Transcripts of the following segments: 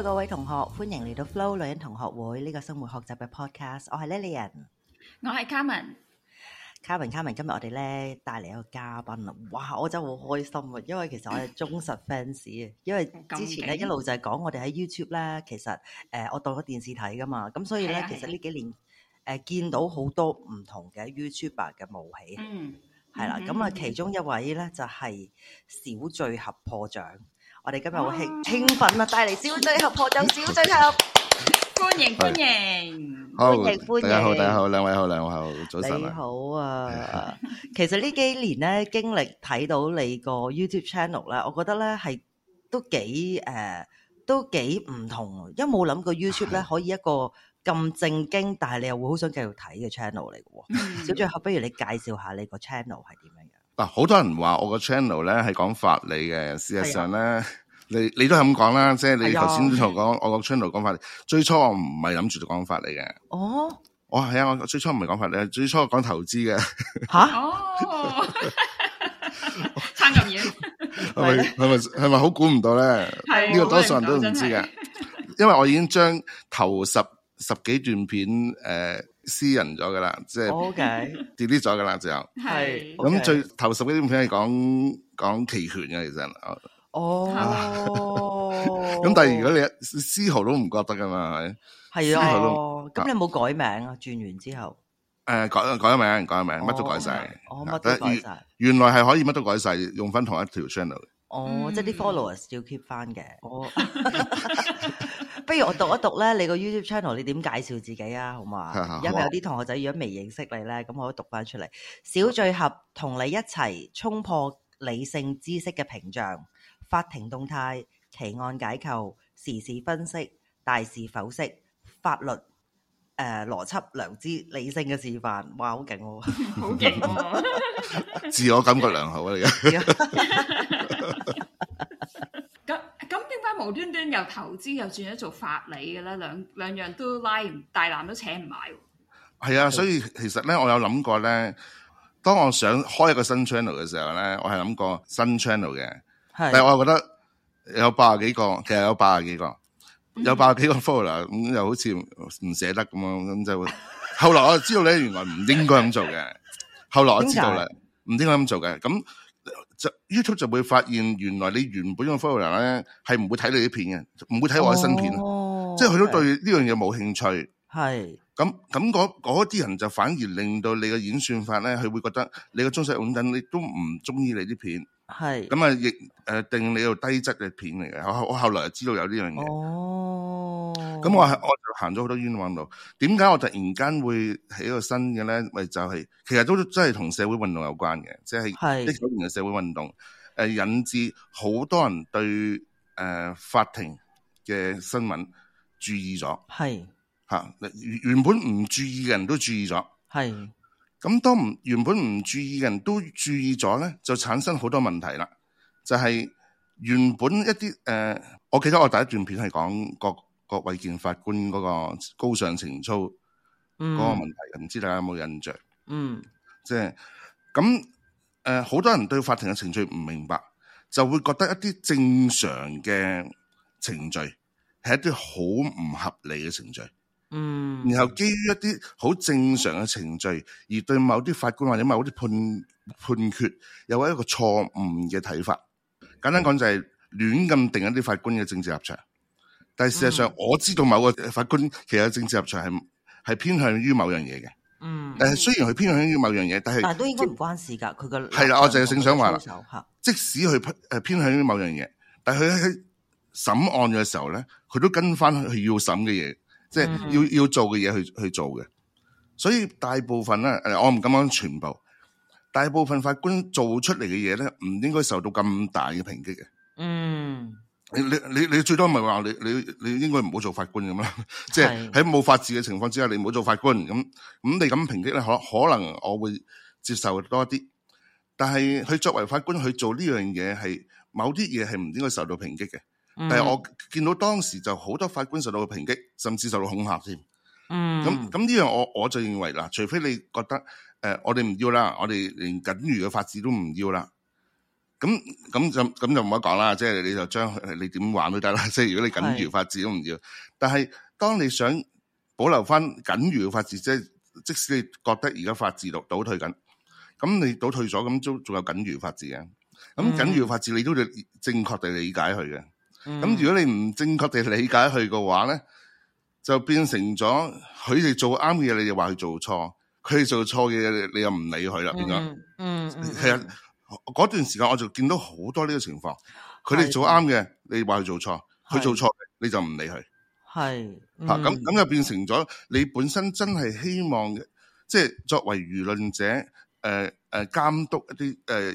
各位同學，歡迎嚟到 Flo 女人同學會呢個生活學習嘅 podcast。我係 Lillian，我係 Carmen，Carmen，Carmen。今日我哋咧帶嚟一個嘉賓啊！哇，我真係好開心啊！因為其實我係忠實 fans 啊，因為之前咧一路就係講我哋喺 YouTube 咧，其實誒我當咗電視睇噶嘛，咁所以咧其實呢幾年誒見到好多唔同嘅 YouTuber 嘅冒起。嗯，係啦。咁啊，其中一位咧就係小醉俠破障。我哋今日好興興奮啊！帶嚟小醉俠破障小醉俠，歡迎歡迎，歡迎歡迎，大家好，大家好，兩位好，兩位好，早晨啊！你好啊，其實呢幾年咧，經歷睇到你個 YouTube channel 咧，我覺得咧係都幾誒，都幾唔同，因為冇諗過 YouTube 咧可以一個咁正經，但係你又會好想繼續睇嘅 channel 嚟嘅。小醉俠，不如你介紹下你個 channel 係點？嗱，好多人話我個 channel 咧係講法理嘅，事實上咧、啊，你你都係咁講啦，即係你頭先同我講，我個 channel 講法理。最初我唔係諗住講法理嘅。哦，哦，係啊，我最初唔係講法理，最初我講投資嘅。吓、啊？哦，差咁遠，係咪係咪係咪好估唔到咧？係的，呢個多數人都唔知嘅， 因為我已經將頭十十幾段片誒，呃私人咗噶啦，即係 delete 咗噶啦，就咁最頭十幾片係講講期權嘅，其實哦，咁但係如果你絲毫都唔覺得噶嘛，係係啊，咁你冇改名啊？轉完之後誒，改改咗名，改咗名，乜都改晒，乜都改晒，原來係可以乜都改晒，用翻同一條 channel。哦，即係啲 followers 要 keep 翻嘅。哦。 不如我讀一讀咧，你個 YouTube channel 你點介紹自己啊？好嘛， 因為有啲同學仔如果未認識你咧，咁我可以讀翻出嚟。小醉俠同你一齊衝破理性知識嘅屏障，法庭動態、奇案解構、時事分析、大事剖析、法律誒、呃、邏輯、良知理性嘅示範，哇！好勁喎，好勁喎，自我感覺良好啊你。 無端端又投資又轉咗做法理嘅咧，兩兩樣都拉唔大，大纜都扯唔埋。係啊，所以其實咧，我有諗過咧，當我想開一個新 channel 嘅時候咧，我係諗過新 channel 嘅，是但係我又覺得有八十幾個，其實有八十幾個，有八十幾個 follower 咁，嗯、又好似唔捨得咁啊，咁就後來我就知道咧，原來唔應該咁做嘅。後來我知道啦，唔應該咁做嘅咁。帳就 YouTube 就會發現，原來你原本嘅 followers 咧係唔會睇你啲片嘅，唔會睇我啲新片，Oh. 即係佢都對呢樣嘢冇興趣。係咁咁，嗰啲人就反而令到你嘅演算法咧，佢會覺得你嘅中西混等，你都唔中意你啲片。係咁啊，亦誒是定你度低質嘅片嚟嘅。我後我後來就知道有呢樣嘢。哦，咁我我就行咗好多冤枉路。點解我突然間會起個新嘅咧？咪就係、是，其實都真係同社會運動有關嘅、就是是，即係呢幾年嘅社會運動誒，引致好多人對誒、呃、法庭嘅新聞注意咗。係吓是，原原本唔注意嘅人都注意咗。係。咁當唔原本唔注意嘅人都注意咗咧，就產生好多問題啦。就係、是、原本一啲誒、呃，我記得我第一段片係講各各偉健法官嗰個高尚情操嗰個問題，唔、嗯、知大家有冇印象？嗯，即係咁誒、好、呃、多人對法庭嘅程序唔明白，就會覺得一啲正常嘅程序係一啲好唔合理嘅程序。嗯，然後基於一啲好正常嘅程序，嗯、而對某啲法官或者某啲判判決有一個錯誤嘅睇法。簡單講就係亂咁定一啲法官嘅政治立場。但係事實上我知道某個法官其實政治立場係係偏向於某樣嘢嘅。嗯，誒，雖然佢偏向於某樣嘢，但係但係都應該唔關事噶。佢個係啦，我就正想話啦，嗯、即使佢誒偏向於某樣嘢，但係佢喺審案嘅時候咧，佢都跟翻佢要審嘅嘢。即係要要做嘅嘢去去做嘅，所以大部分咧，誒，我唔敢講全部，大部分法官做出嚟嘅嘢咧，唔應該受到咁大嘅抨擊嘅。嗯，你你你你最多咪話你你你應該唔好做法官咁啦， 即係喺冇法治嘅情況之下，你唔好做法官咁咁，你咁抨擊咧，可可能我會接受多啲，但係佢作為法官去做呢樣嘢，係某啲嘢係唔應該受到抨擊嘅。但誒，我見到當時就好多法官受到嘅抨擊，甚至受到恐嚇添、嗯嗯。嗯。咁咁呢樣我我就認為嗱，除非你覺得誒、呃，我哋唔要啦，我哋連僅餘嘅法治都唔要啦。咁咁就咁就唔好講啦，即、就、係、是、你就將你點玩都得啦。即係如果你僅餘法治都唔要，但係當你想保留翻僅餘嘅法治，即係即使你覺得而家法治度倒退緊，咁、嗯嗯、你倒退咗，咁都仲有僅餘法治嘅、啊。咁僅餘法治你都要正確地理解佢嘅。咁、嗯、如果你唔正確地理解佢嘅話咧，就變成咗佢哋做啱嘅嘢，你就話佢做錯；佢哋做錯嘅嘢，你又唔理佢啦。點解、嗯以嗯？嗯，係啊實，嗰、嗯、段時間我就見到好多呢個情況。佢哋的做啱嘅，你話佢做錯；佢的做錯你就唔理佢。係嚇咁咁就變成咗你本身真係希望，即、就、係、是、作為輿論者，誒、呃、誒監督一啲誒。呃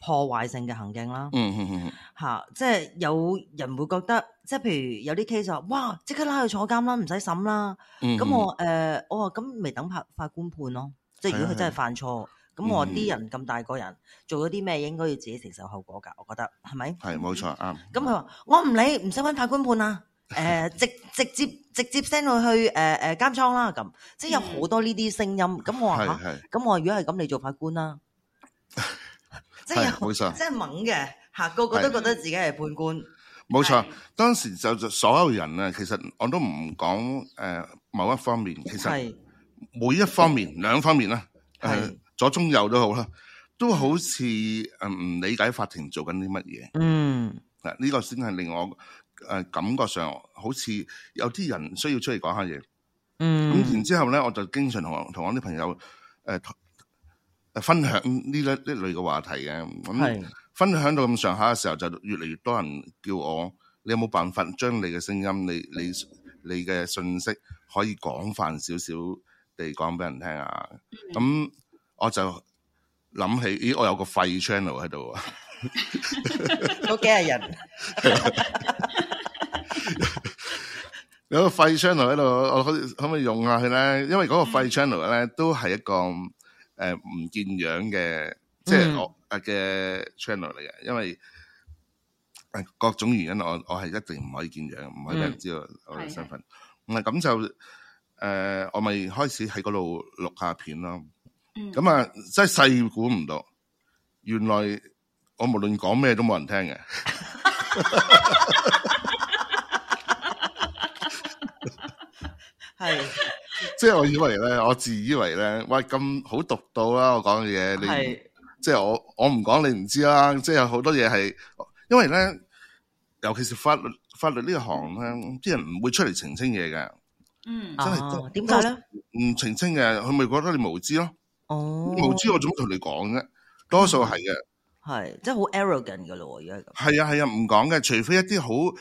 破壞性嘅行徑啦，嗯嗯嗯吓，即係有人會覺得，即係譬如有啲 case 話，哇，即刻拉佢坐監啦，唔使審啦，咁我誒，我話咁未等判法官判咯，即係如果佢真係犯錯，咁我話啲人咁大個人做咗啲咩，應該要自己承受後果噶，我覺得係咪？係冇錯啱。咁佢話我唔理，唔使搵法官判啊。誒，直直接直接 send 佢去誒誒監倉啦，咁，即係有好多呢啲聲音，咁我話咁我如果係咁，你做法官啦。即係冇錯，錯即係懵嘅吓，的個個都覺得自己係判官。冇錯錯，的當時就，就所有人啊，其實我都唔講誒某一方面，其實每一方面、兩的方面啦，誒的、呃、左中右都好啦，都好似誒唔理解法庭做緊啲乜嘢。嗯，嗱呢個先係令我誒、呃、感覺上好似有啲人需要出嚟講下嘢。嗯，咁然之後咧，我就經常同同我啲朋友誒。呃分享呢一呢類嘅話題嘅，咁分享到咁上下嘅時候，就越嚟越多人叫我，你有冇辦法將你嘅聲音、你你你嘅信息可以廣泛少少地講俾人聽啊？咁我就諗起咦，我有個廢 channel 喺度，有幾廿人，有個廢 channel 喺度，我可可唔可以用下去咧？因為嗰個廢 channel 咧都係一個。誒唔、呃、見樣嘅，即係我誒嘅 channel 嚟嘅，因為、呃、各種原因我，我我係一定唔可以見樣，唔可以俾人知道我哋身份。唔係咁就誒、呃，我咪開始喺嗰度錄下片咯。咁、嗯、啊，真係細估唔到，原來我無論講咩都冇人聽嘅。係。 即係我以為咧，我自以為咧，喂咁好讀到啦！我講嘅嘢，你是即係我我唔講你唔知啦、啊。即係有好多嘢係，因為咧，尤其是法律法律個呢一行咧，啲人唔會出嚟澄清嘢嘅。嗯，真係點解咧？唔澄清嘅，佢咪覺得你無知咯。哦，無知我做乜同你講啫？多數係嘅，係、嗯、即係好 arrogant 嘅咯。而家咁係啊係啊，唔講嘅，除非一啲好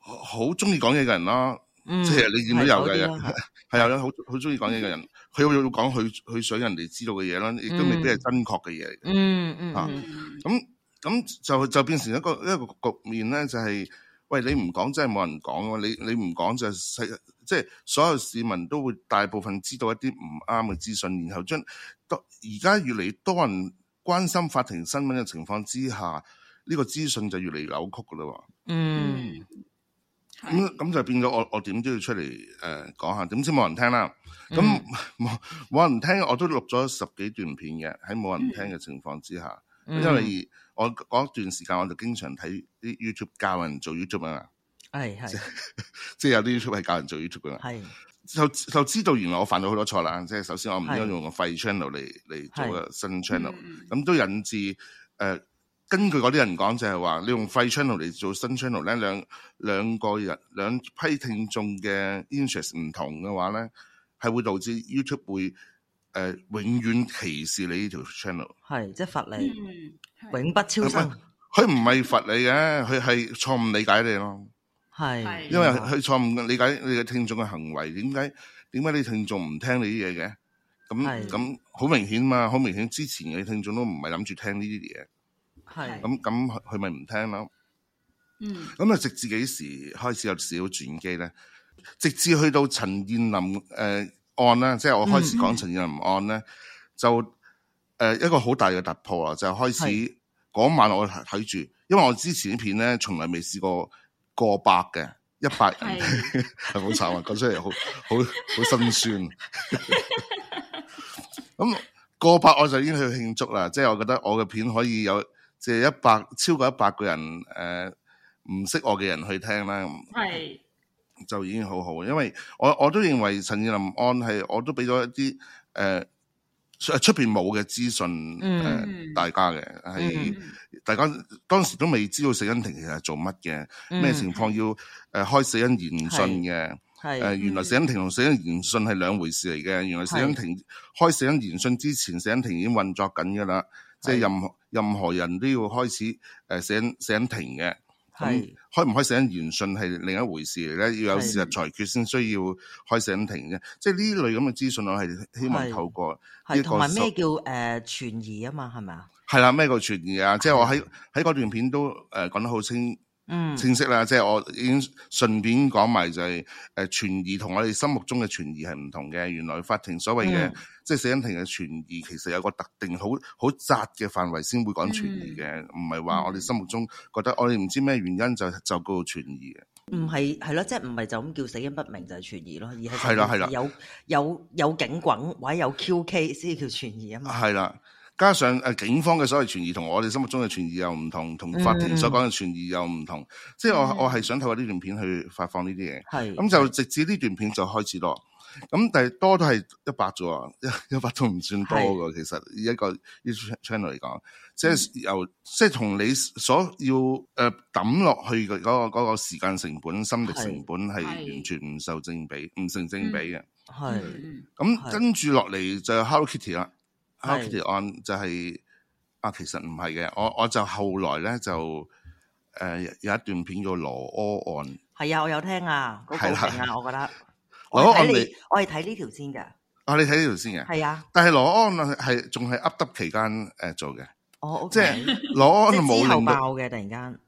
好中意講嘢嘅人啦。嗯、即係你見到有嘅，係係又有好好中意講嘢嘅人，佢會講佢佢想人哋知道嘅嘢啦，亦都未必係真確嘅嘢嚟嘅。嗯嗯嗯。咁咁、啊、就就變成一個一個局面咧，就係、是、喂你唔講真係冇人講嘅，你你唔講就係即係所有市民都會大部分知道一啲唔啱嘅資訊，然後將多而家越嚟越多人關心法庭新聞嘅情況之下，呢、這個資訊就越嚟扭曲噶啦嘛。嗯。嗯咁咁、嗯、就變咗我我點都要出嚟誒、呃、講下，點知冇人聽啦？咁冇冇人聽，我都錄咗十幾段片嘅，喺冇人聽嘅情況之下，嗯、因為我嗰段時間我就經常睇啲 YouTube 教人做 YouTube 啊嘛，係係的， 即係有啲 YouTube 係教人做 YouTube 嘅嘛，係的就就知道原來我犯咗好多錯啦。即係首先我唔應該用個廢 channel 嚟嚟做個新 channel，咁的、嗯、都引致誒。呃根據嗰啲人講，就係話你用廢 channel 嚟做新 channel 咧，兩兩個人兩批聽眾嘅 interest 唔同嘅話咧，係會導致 YouTube 會誒、呃、永遠歧視你呢條 channel。係即係罰你，嗯、永不超生。佢唔係罰你嘅，佢係錯誤理解你咯。係是因為佢錯誤理解你嘅聽眾嘅行為，點解點解你聽眾唔聽你啲嘢嘅？咁咁好明顯嘛，好明顯之前嘅聽眾都唔係諗住聽呢啲嘢。係咁咁，佢咪唔聽咯？嗯，咁啊、嗯，不不嗯、直至幾時開始有少轉機咧？直至去到陳彥霖誒案咧，即係我開始講陳彥霖案咧、嗯呃，就誒一個好大嘅突破啊！就開始嗰的晚我睇住，因為我之前啲片咧，從來未試過過百嘅，一百人係好慘啊！講的 出嚟好好好辛酸。咁 過百我就已經去慶祝啦，即係我覺得我嘅片可以有。即係一百超過一百個人，誒、呃，唔識我嘅人去聽啦，咁係是就已經好好。因為我我都認為陳彥霖案係我都俾咗一啲誒出邊冇嘅資訊誒大家嘅係，嗯、大家當時都未知道死因庭其實係做乜嘅咩情況要誒、呃、開死因研訊嘅係誒原來死因庭同死因研訊係兩回事嚟嘅。原來死因庭是開死因研訊之前，死因庭已經運作緊㗎喇，即係任何。 任何人都要開始誒、審審訊嘅，咁、嗯、是開唔開審訊係另一回事咧，要有事實裁決先需要，是要開審訊嘅，即係呢類咁嘅資訊，我係希望透過係同埋咩叫誒存疑啊嘛，係咪啊？係啦，咩叫存疑啊？即係我喺喺嗰段片都誒講、呃、得好清。嗯，清晰啦，即係我已經順便講埋就係誒，存疑同我哋心目中嘅存疑係唔同嘅。原來法庭所謂嘅，即係死因庭嘅存疑，其實有個特定好好窄嘅範圍先會講存疑嘅，唔係話我哋心目中覺得我哋唔知咩原因就就叫做存疑嘅。唔係，係咯，即係唔係就咁叫死因不明就係存疑咯，而係係啦，係啦，有有有警棍或者有 QK 先至叫存疑啊嘛。係啦。加上誒警方嘅所謂存疑同我哋心目中嘅存疑又唔同，同法庭所講嘅存疑又唔同，即係我我係想透過呢段片去發放呢啲嘢。係，咁就直至呢段片就開始多。咁但係多都係一百咋，一一百都唔算多嘅。其實以一個 channel 嚟講，即係由即係同你所要誒抌落去嘅嗰個嗰個時間成本、心力成本係完全唔受正比、唔成正比嘅。係，咁跟住落嚟就 Hello Kitty 啦。康迪案就係、是、啊，其實唔係嘅，我我就後來咧就誒、呃、有一段片叫羅安案，係啊，我有聽啊，好、那、勁、個、啊，啊我覺得。羅安 你我係睇呢條先嘅。啊，你睇呢條先嘅。係啊，但係羅安係仲係噏得期間誒做嘅。哦、oh, okay.，即係羅安冇爆嘅，突然間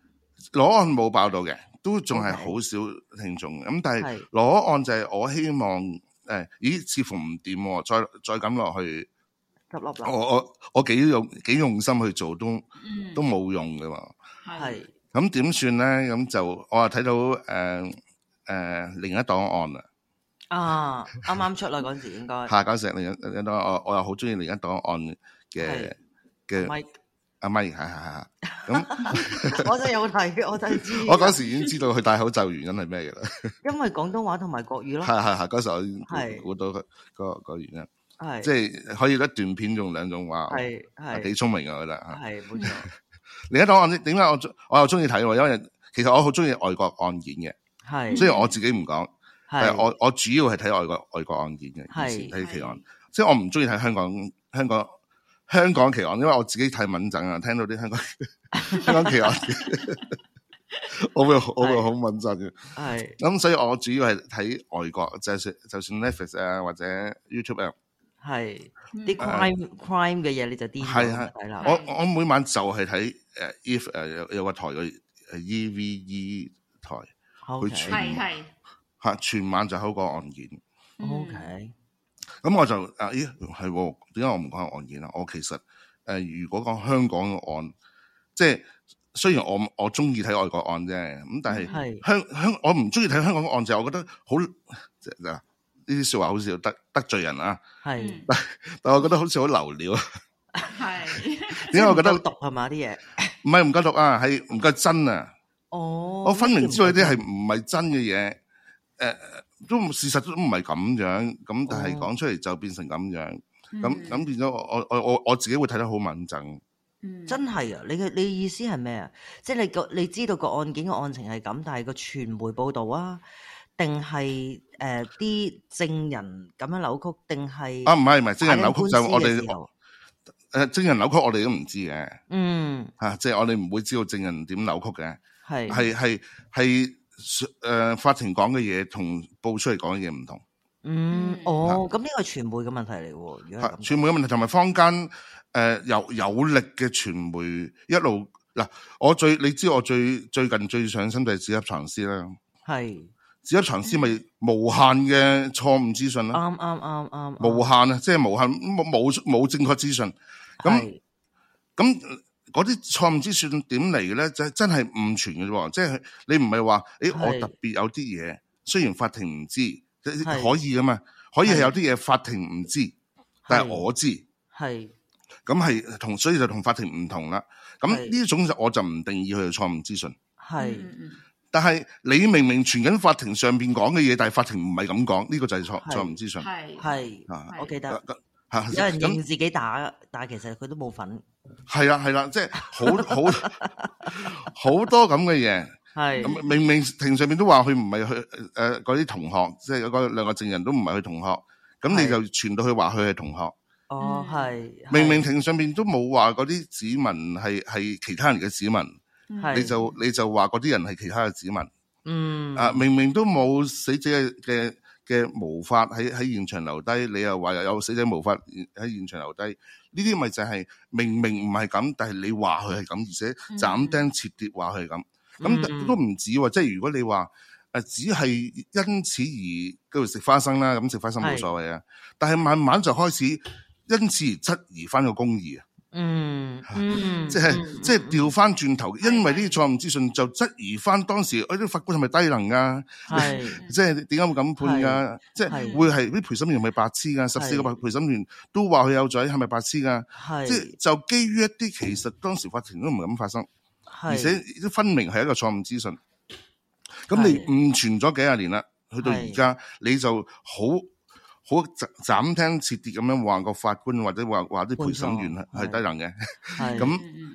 羅安冇爆到嘅，都仲係好少聽眾。咁 Okay.、嗯、但係羅安就係我希望誒、呃，咦，似乎唔掂，再再咁落去。我我我幾用幾用心去做，都都冇用嘅嘛。係咁點算咧？咁就我啊睇到誒誒另一檔案啊。啊，啱啱出嚟嗰時應該。係嗰時另一另一檔案我我又好中意另一檔案嘅嘅阿米，阿米係係係。咁我真有睇，我真係知。我嗰時已經知道佢戴口罩原因係咩嘅啦。因為廣東話同埋國語咯。係係係，嗰時已經估到佢嗰個嗰個原因。係，即係可以一段片用兩種話，係係幾聰明噶，我覺得吓，係冇錯。另一檔案點解我我又中意睇？因為其實我好中意外國案件嘅，係，雖然我自己唔講，係、啊、我我主要係睇外國外國案件嘅，以前睇奇案，即係我唔中意睇香港香港香港奇案，因為我自己太敏感啊，聽到啲香港香港奇案，我會我會好敏感嘅，係。咁所以我主要係睇外國，就算就算 Netflix 啊或者 YouTube app。係啲 crime、uh, crime 嘅嘢你就啲，係啊的！我我每晚就係睇誒，if 誒、uh, 有有個台嘅、uh, EVE 台，佢 Okay, 全係係吓全晚就好個案件。OK，咁、嗯、我就誒、咦、哎、係、點、哎、解、哎哎、我唔講係案件啦？我其實誒、呃，如果講香港嘅案，即係雖然我我中意睇外國案啫，咁但係的香香我唔中意睇香港嘅案，就係我覺得好呢啲說話好似要得得罪人啊！係是，但 但我覺得好似好流料啊！係 是，點解 我覺得？唔夠毒係嘛啲嘢？唔係唔夠毒啊，係唔夠真啊！哦，我分明知道呢啲係唔係真嘅嘢，誒、哦，都事實都唔係咁樣咁，哦、但係講出嚟就變成咁樣咁咁、哦、變咗我我我我自己會睇得好敏感。嗯、真係啊！你嘅你意思係咩啊？即、就、係、是、你個你知道個案件嘅案情係咁，但係個傳媒報道啊，定係？誒，啲證人咁樣扭曲定係？啊，唔係唔係，證人扭曲就我哋，誒，證人扭曲我哋都唔知嘅。嗯，吓，即係我哋唔會知道證人點扭曲嘅。係係係係誒，法庭講嘅嘢同報出嚟講嘅嘢唔同。嗯，哦，咁呢個係傳媒嘅問題嚟。如果係咁，傳媒嘅問題同埋坊間誒有有力嘅傳媒一路嗱，我最你知我最最近最想睇《紙盒藏屍》啦。係。只一長絲咪無限嘅錯誤資訊啦，啱啱啱啱，無限啊，即係無限冇冇正確資訊。咁咁嗰啲錯誤資訊點嚟嘅咧？就係真係誤傳嘅啫，即係你唔係話誒，我特別有啲嘢，雖然法庭唔知，可以噶嘛，可以係有啲嘢法庭唔知，但係我知，係咁係同係、嗯嗯，所以就同法庭唔同啦。咁呢種就我就唔定義佢錯誤資訊，係。嗯嗯。但係你明明傳緊法庭上邊講嘅嘢，但係法庭唔係咁講，呢，這個就係錯，錯誤資訊。係。係是，我記得。啊，有人自己打，那但係其實佢都冇份。係啊係啦，即係，啊啊啊，好好好 多咁嘅嘢。係是明明庭上面都話佢唔係佢誒，嗰，呃、啲同學，即係嗰兩個證人都唔係佢同學。咁你就傳到去話佢係同學。哦，嗯，係。明，明明庭上面都冇話嗰啲指紋係係其他人嘅指紋。是你就你就話嗰啲人係其他嘅子民，嗯啊明明都冇死者嘅嘅嘅毛髮喺喺現場留低，你又話有死者毛髮喺現場留低，呢啲咪就係明明唔係咁，但係你話佢係咁，而且斬釘截鐵話佢係咁，咁都唔止喎。即係如果你話誒只係因此而嗰度食花生啦，咁食花生冇所謂啊，是但係慢慢就開始因此而質疑返個公義啊。嗯，嗯即係是、嗯、即係調翻轉頭，嗯、因為呢啲錯誤資訊就質疑翻當時，哎，啲法官係咪低能啊？是 即係點解會咁判噶？即係會係啲陪審員咪白痴噶、啊？十四個陪陪審員都話佢有仔，係咪白痴噶、啊？係是，即係就基於一啲其實當時法庭都唔係咁發生，是而且都分明係一個錯誤資訊，咁你誤傳咗幾廿年啦，去到而家你就好。好，斬聽切啲咁樣話個法官或者話話啲陪審員係低能嘅，咁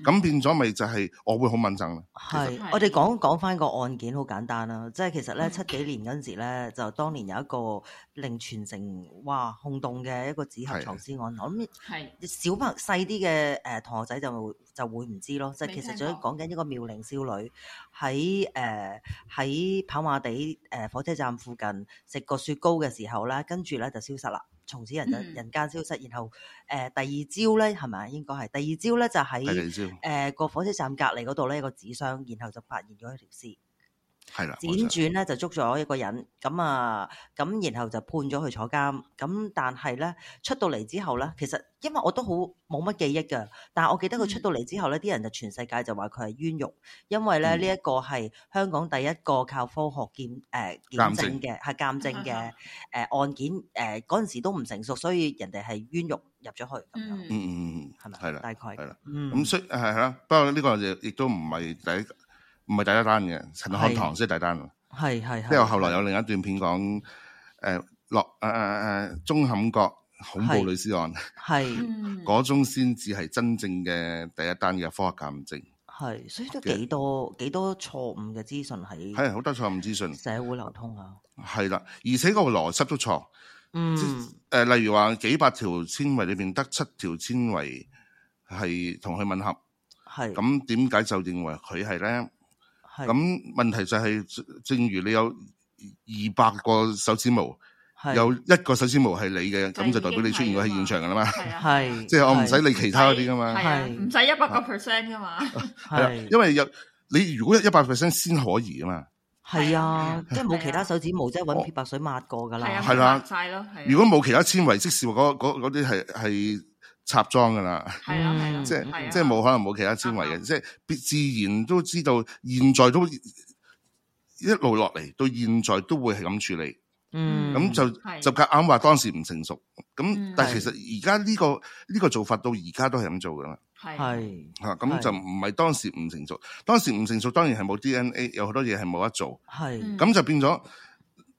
咁、嗯、 變咗咪就係我會好敏銳敏感啦。係是，實我哋講講返個案件好簡單啦、啊，即係其實咧七幾年嗰陣時咧，就當年有一個令全城哇轟動嘅一個紙盒藏屍案，是我諗係小朋細啲嘅誒同學仔就會。就會唔知咯，即係其實仲講緊一個妙齡少女喺誒喺跑馬地誒火車站附近食個雪糕嘅時候啦，跟住咧就消失啦，從此人人間消失。嗯、然後誒、呃、第二朝咧，係咪應該係第二朝咧？就喺誒個火車站隔離嗰度咧有個紙箱，然後就發現咗一條屍。係啦，輾轉咧就捉咗一個人，咁啊，咁然後就判咗佢坐監。咁但係咧出到嚟之後咧，其實因為我都好冇乜記憶噶，但係我記得佢出到嚟之後咧，啲、嗯、人就全世界就話佢係冤獄，因為咧呢一個係香港第一個靠科學檢誒鑑證嘅，係鑑證嘅誒案件誒嗰陣時都唔成熟，所以人哋係冤獄入咗去咁樣，嗯嗯嗯嗯，係咪係啦，大概係啦、啊啊，嗯咁雖係啦，不過呢個亦亦都唔係第一。唔係第一單嘅陳漢棠先係第一單，係係。之後後來有另一段片講誒，落誒誒誒，鐘冚、呃、國恐怖女屍案係嗰宗先至係真正嘅第一單嘅科學鑑證係，所以都幾多幾多錯誤嘅資訊喺係好多錯誤資訊社會流通啊，係啦，而且個邏輯都錯，嗯誒、呃，例如話幾百條纖維裏邊得七條纖維係同佢吻合，係咁點解就認為佢係咧？咁問題就係，正如你有二百個手指毛，有一個手指毛係你嘅，咁就代表你出現過喺現場噶啦嘛。係，即係我唔使理其他嗰啲噶嘛。係，唔使一百個 percent 噶嘛。係，因為有你如果一百 percent 先可以噶嘛。係啊，即係冇其他手指毛，即係揾漂白水抹過噶啦。係啦，如果冇其他纖維，即使話嗰嗰啲係係。插裝噶啦，係 啊， 即係 即係冇可能冇其他纖維嘅，嗯、即係必自然都知道，現在都一路落嚟到現在都會係咁處理，嗯，咁就是就夾硬話當時唔成熟，咁但係其實而家呢個呢、這個做法到而家都係咁做噶啦，係是，吓咁、嗯嗯、就唔係當時唔成熟，當時唔成熟當然係冇 DNA，有好多嘢係冇得做，係是，咁、嗯、就變咗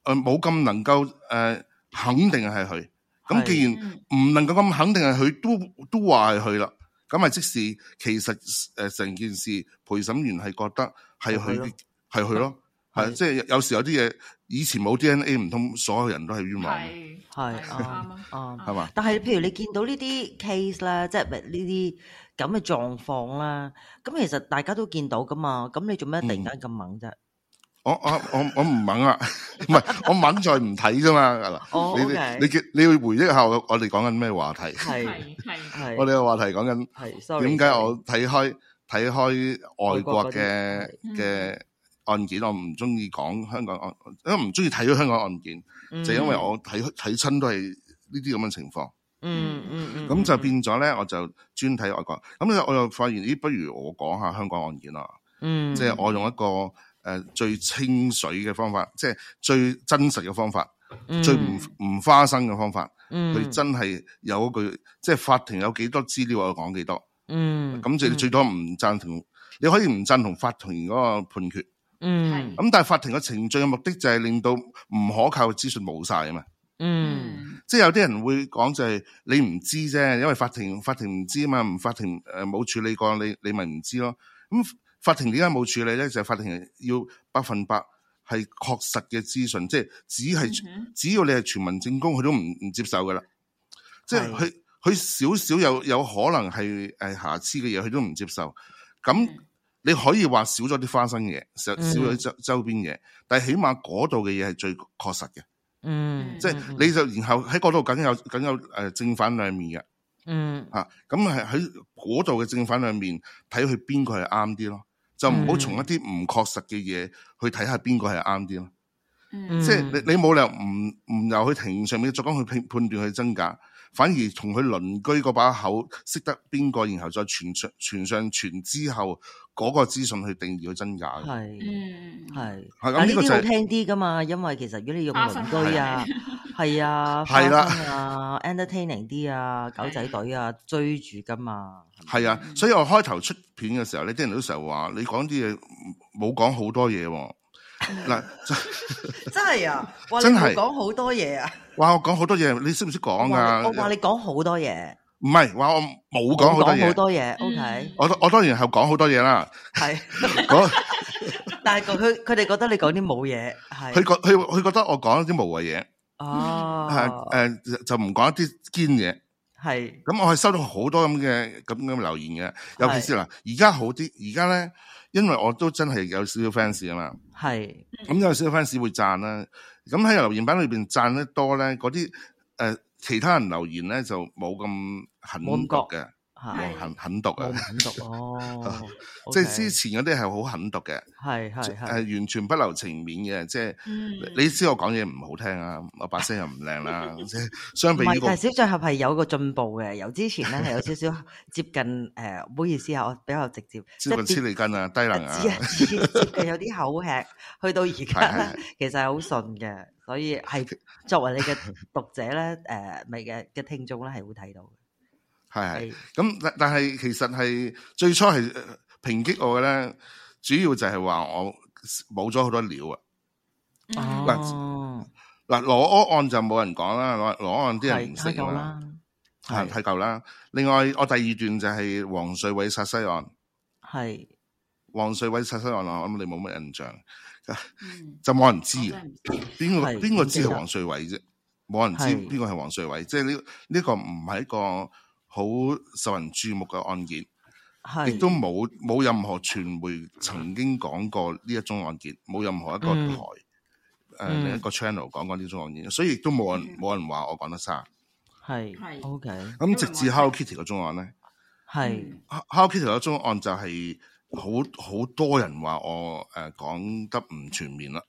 誒冇咁能夠誒、呃、肯定係佢。咁既然唔能夠咁肯定係佢，都都話係佢啦。咁咪即是其實誒成件事陪審員係覺得係佢，係佢咯，係即係有時有啲嘢以前冇 DNA，唔通所有人都係冤枉，係啱咯，係嘛？但係譬如你見到呢啲 case 啦，即係呢啲咁嘅狀況啦，咁其實大家都見到噶嘛，咁你做咩突然間咁猛啫？嗯我我我 我唔揾啦，唔係我揾再唔睇啫嘛。嗱，你你你會回憶下我哋講緊咩話題？係係係。 我哋嘅話題講緊點解我睇開睇開外國嘅嘅、嗯、案件，我唔中意講香港案，因為唔中意睇咗香港案件，案件嗯、就因為我睇睇親都係呢啲咁嘅情況、嗯。嗯嗯嗯。咁、嗯、就變咗咧，我就專睇外國。咁咧我又發現，咦、欸，不如我講下香港案件啦。嗯。即係我用一個。誒、呃，最清水嘅方法，即係最真實嘅方法，嗯、最唔唔花生嘅方法，佢、嗯、真係有句，即係法庭有幾多資料，我講幾多。嗯，咁最最多唔贊同，嗯、你可以唔贊同法庭嗰個判決。嗯、咁、嗯、但係法庭嘅程序嘅目的就係令到唔可靠嘅資訊冇晒啊嘛。嗯，嗯即係有啲人會講就係你唔知啫，因為法庭法庭唔知啊嘛，唔法庭誒冇處理過，你你咪唔知咯。咁。法庭點解冇處理咧？就係、是、法庭要百分百係確實嘅資訊，即係只係只要你係傳聞證供，佢都唔唔接受㗎喇。即係佢佢少少有有可能係誒瑕疵嘅嘢，佢都唔接受。咁你可以話少咗啲花生嘢，少少咗周周邊嘢，但係起碼嗰度嘅嘢係最確實嘅。嗯的，即係你就然後喺嗰度梗有梗有誒正反兩面嘅。嗯，吓咁係喺嗰度嘅正反兩面睇佢邊個係啱啲咯。就唔好從一啲唔確實嘅嘢去睇下邊個係啱啲咯。嗯、即係你，你冇理由唔唔由佢庭上面再講去判判斷佢真假，反而同佢鄰居個把口識得邊個，然後再傳上傳上傳之後嗰、那個資訊去定義佢真假。係，係係咁呢啲好聽啲噶嘛？因為其實如果你用鄰居啊，係、嗯、啊，係啦，entertaining 啲啊，狗仔隊啊追住噶嘛。係啊，所以我開頭出片嘅時候你啲人都成日話你講啲嘢冇講好多嘢。嗱，真係啊！真係講好多嘢啊！哇，我講好多嘢，你識唔識講啊？我話你講好多嘢，唔係，話我冇講好多嘢。講好多嘢，OK。我我當然係講好多嘢啦，係講。但係佢佢哋覺得你講啲冇嘢，係佢佢佢覺得我講啲無謂嘢，哦，誒，就唔講一啲堅嘢，係。咁我係收到好多咁嘅咁嘅留言嘅，尤其是嗱，而家好啲，而家咧，因為我都真係有少少 fans 啊嘛，係是，咁有少少 fans 會讚啦，咁喺留言板裏邊讚得多咧，啲誒、呃、其他人留言咧就冇咁狠毒嘅。係狠狠毒啊！哦，即係之前嗰啲係好狠毒嘅，係係係完全不留情面嘅。即係你知我講嘢唔好聽啊，我把聲又唔靚啦。即係相比呢個，但係小醉俠係有個進步嘅，由之前咧係有少少接近誒，唔好意思啊，我比較直接接近黐脷根啊，低能啊，直接有啲口吃，去到而家咧其實係好順嘅，所以係作為你嘅讀者咧，誒，唔係嘅嘅聽眾咧係會睇到。係係咁，但但係其實係最初係抨擊我嘅咧，主要就係話我冇咗好多料啊。嗱嗱羅安案就冇人講啦，羅羅安案啲人唔識啊嘛，太太舊啦。另外我第二段就係黃瑞偉殺西案，係黃瑞偉殺西案，啊，咁你冇乜印象，就冇人知邊個邊個知係黃瑞偉啫，冇人知邊個係黃瑞偉，即係呢呢個唔係一個。好受人注目嘅案件，亦是都冇冇任何傳媒曾經講過呢一宗案件，冇任何一個台、誒、另一個 channel 講過呢宗案件，所以亦都冇人冇、嗯、人話我講得晒。係是，OK、嗯。咁直至 Hello Kitty 嗰宗案咧，係 Hello 是、嗯、Kitty 嗰宗案就係好好多人話我誒、呃、講得唔全面啦。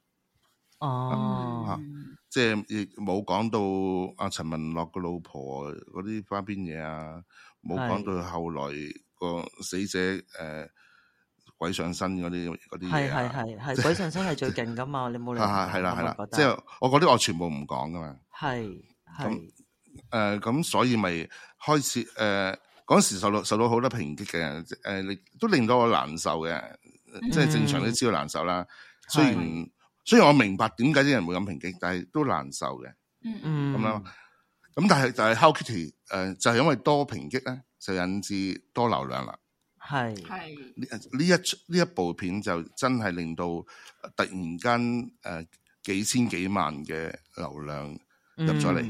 哦、嗯。嗯嗯即係亦冇講到阿、啊、陳文樂個老婆嗰啲花邊嘢啊，冇講到後來個死者誒、呃、鬼上身嗰啲啲。係係係係鬼上身係最勁噶嘛， 就是、你冇理係啦係啦，即係我嗰啲我全部唔講噶嘛。係咁誒，咁、呃、所以咪開始誒嗰、呃、時受到受到好多抨擊嘅。誒、呃，你都令到我難受嘅， 即係正常都知道難受啦， 雖然的。雖然我明白點解啲人會咁抨擊，但係都難受嘅。嗯嗯，咁樣咁，但係但係、呃《Hello Kitty》誒就係、是、因為多抨擊咧，就引致多流量啦。係係呢呢一呢一部片就真係令到突然間誒、呃、幾千幾萬嘅流量入咗嚟，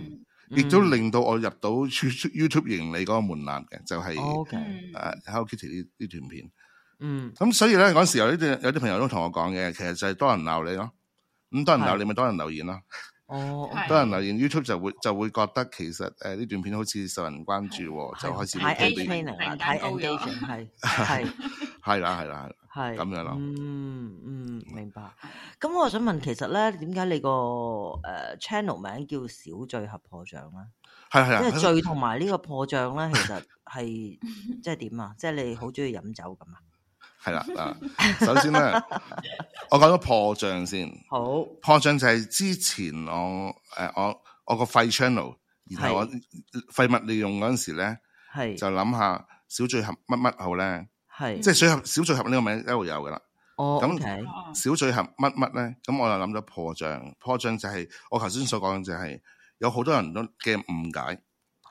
亦、嗯、都令到我入到 YouTube 營利嗰個門檻嘅，就係、是、誒《哦 okay、Hello、uh, Kitty》呢段片。嗯，咁、嗯、所以咧嗰陣時有啲有啲朋友都同我講嘅，其實就係多人鬧你咯。咁多人留你咪多人留言咯，哦，多人留言 YouTube 就會就會覺得其實誒呢段片好似受人關注，就開始俾啲啲，睇 engagement 係係係啦係啦係，係咁樣諗，嗯嗯明白。咁我想問，其實咧，點解你個誒 channel 名叫小醉俠破障咧？係係啊，因為醉同埋呢個破障咧，其實係即係點啊？即係你好中意飲酒咁啊？係啦，啊， 首先咧， 我講咗破障先。好，破障就係之前我誒、呃，我我個廢 channel，然後我廢物利用嗰陣時咧，係是就諗下小醉俠乜乜好咧，係即係小醉俠小醉俠，呢個名一路有噶啦。哦 Okay.，咁小醉俠乜乜咧，咁我又諗咗破障。破障就係、是、我頭先所講嘅，就係有好多人都嘅誤解，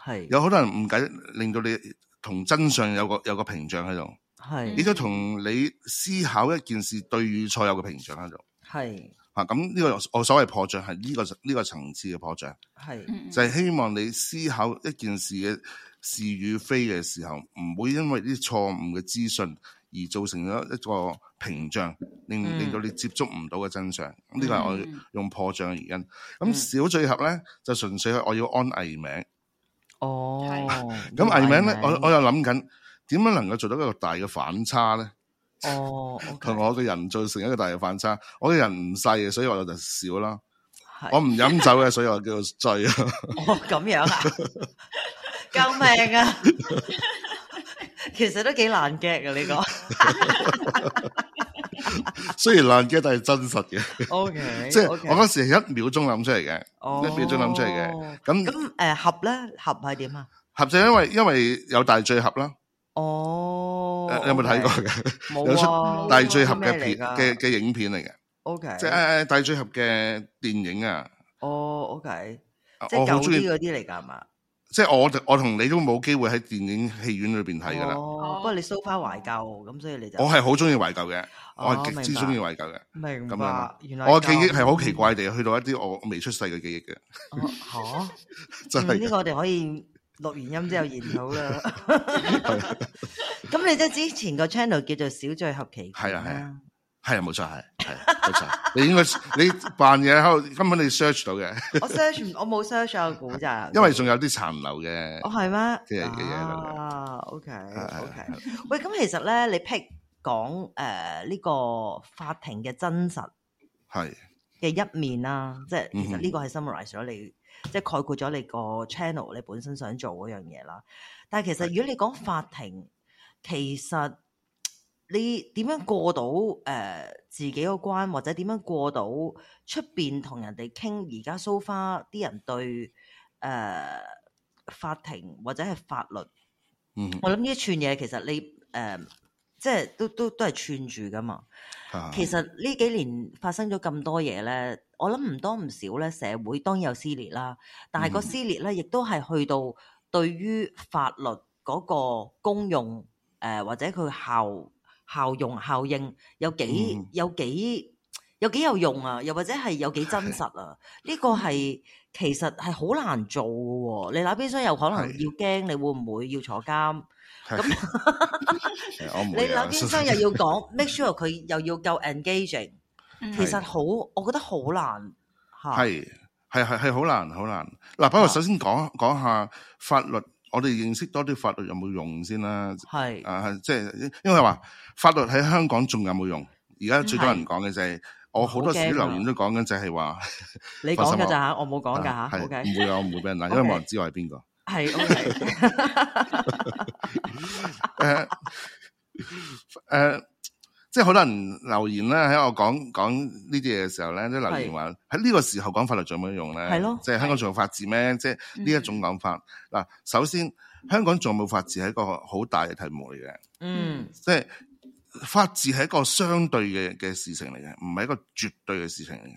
係是有好多人誤解令到你同真相有個有個屏障喺度。係，亦都同你思考一件事對與錯有嘅屏障喺度。係，吓咁呢個我所謂破障係呢個呢個層次嘅破障。係，就係希望你思考一件事嘅是與非嘅時候，唔會因為啲錯誤嘅資訊而造成咗一個屏障，令令到你接觸唔到嘅真相。呢個係我用破障嘅原因。咁小醉俠呢，就純粹係我要安藝名。哦，咁藝名呢，我我又諗緊。點樣能夠做到一個大嘅反差咧？哦，同我嘅人造成一個大嘅反差。我嘅人唔細嘅，所以我就少啦。是我唔飲酒嘅，所以我叫醉啊。 哦，咁樣啊，救 命啊！ 其實都幾難 get 嘅呢個， 雖然爛嘅，但係真實嘅。O Okay , K，okay. 即係我嗰時係一秒鐘諗出嚟嘅，oh. 一秒鐘諗出嚟嘅。咁咁誒，俠咧俠係點啊？俠，俠就因為因為有大醉俠啦。哦，有冇睇過嘅？冇啊，有出大醉俠嘅片嘅嘅影片嚟嘅。O K，即係誒大醉俠嘅電影啊。哦，O K，即係舊啲嗰啲嚟噶係嘛？即係我我同你都冇機會喺電影戲院裏邊睇噶啦。哦，不過你 so far 懷舊咁，所以你就我係好中意懷舊嘅，我係極之中意懷舊嘅。明白，原來我嘅記憶係好奇怪地去到一啲我未出世嘅記憶嘅。哦，吓，呢個我哋可以。錄完音之後然好啦，咁你即係之前個 channel 叫做小醉合期，係啊係啊，係啊冇錯係，冇、嗯、錯， 你應該你扮嘢，喺度，根本你 search 到嘅， 我 search 唔、啊，我冇 search，到我估咋，因為仲有啲殘留嘅，我係咩？嘅嘢啊，OK 啊 OK，, okay. 喂，咁其實咧，你 pick 講誒呢個法庭嘅真實係嘅 一面啦，即係其實呢個係 summarise 咗你。即係概括咗你個 channel，你本身想做樣嘢啦。但係其實如果你講法庭，其實你點樣過到誒、呃、自己個關或者點樣過到出邊同人哋傾？而家 so far 啲人對誒、呃、法庭或者係法律，嗯，我諗呢一串嘢其實你誒、呃、即係都都都係串住噶嘛。啊、其實呢幾年發生咗咁多嘢咧。我諗唔多唔少咧，社會當然有撕裂啦。但係個撕裂咧，亦都係去到對於法律嗰個功用誒，或者佢效效用效應有幾有幾有幾有用啊？又或者係有幾真實啊？呢個係其實係好難做嘅。你那邊廂又可能要驚，你會唔會要坐監？咁你那邊廂又要講，make sure 佢又要夠 engaging。其實好，我覺得好難，係係係係好難好難。嗱，不如首先講講下法律，我哋認識多啲法律有冇用先啦。係，啊，即係，因為話法律喺香港仲有冇用？而家最多人講嘅就係，我好多時留言都講緊就係話，你講㗎咋吓？我冇講㗎吓，唔會有，我唔會俾人鬧，因為冇人知我係邊個。係，OK。誒誒。即係好多人留言啦，喺我講講呢啲嘢嘅時候咧，都留言話喺呢個時候講法律做咩用咧？係咯的，即係香港仲有法治咩？嗯、即係呢一種諗法嗱。首先，香港仲有冇法治係一個好大嘅題目嚟嘅。嗯，即係法治係一個相對嘅嘅事情嚟嘅，唔係一個絕對嘅事情嚟嘅。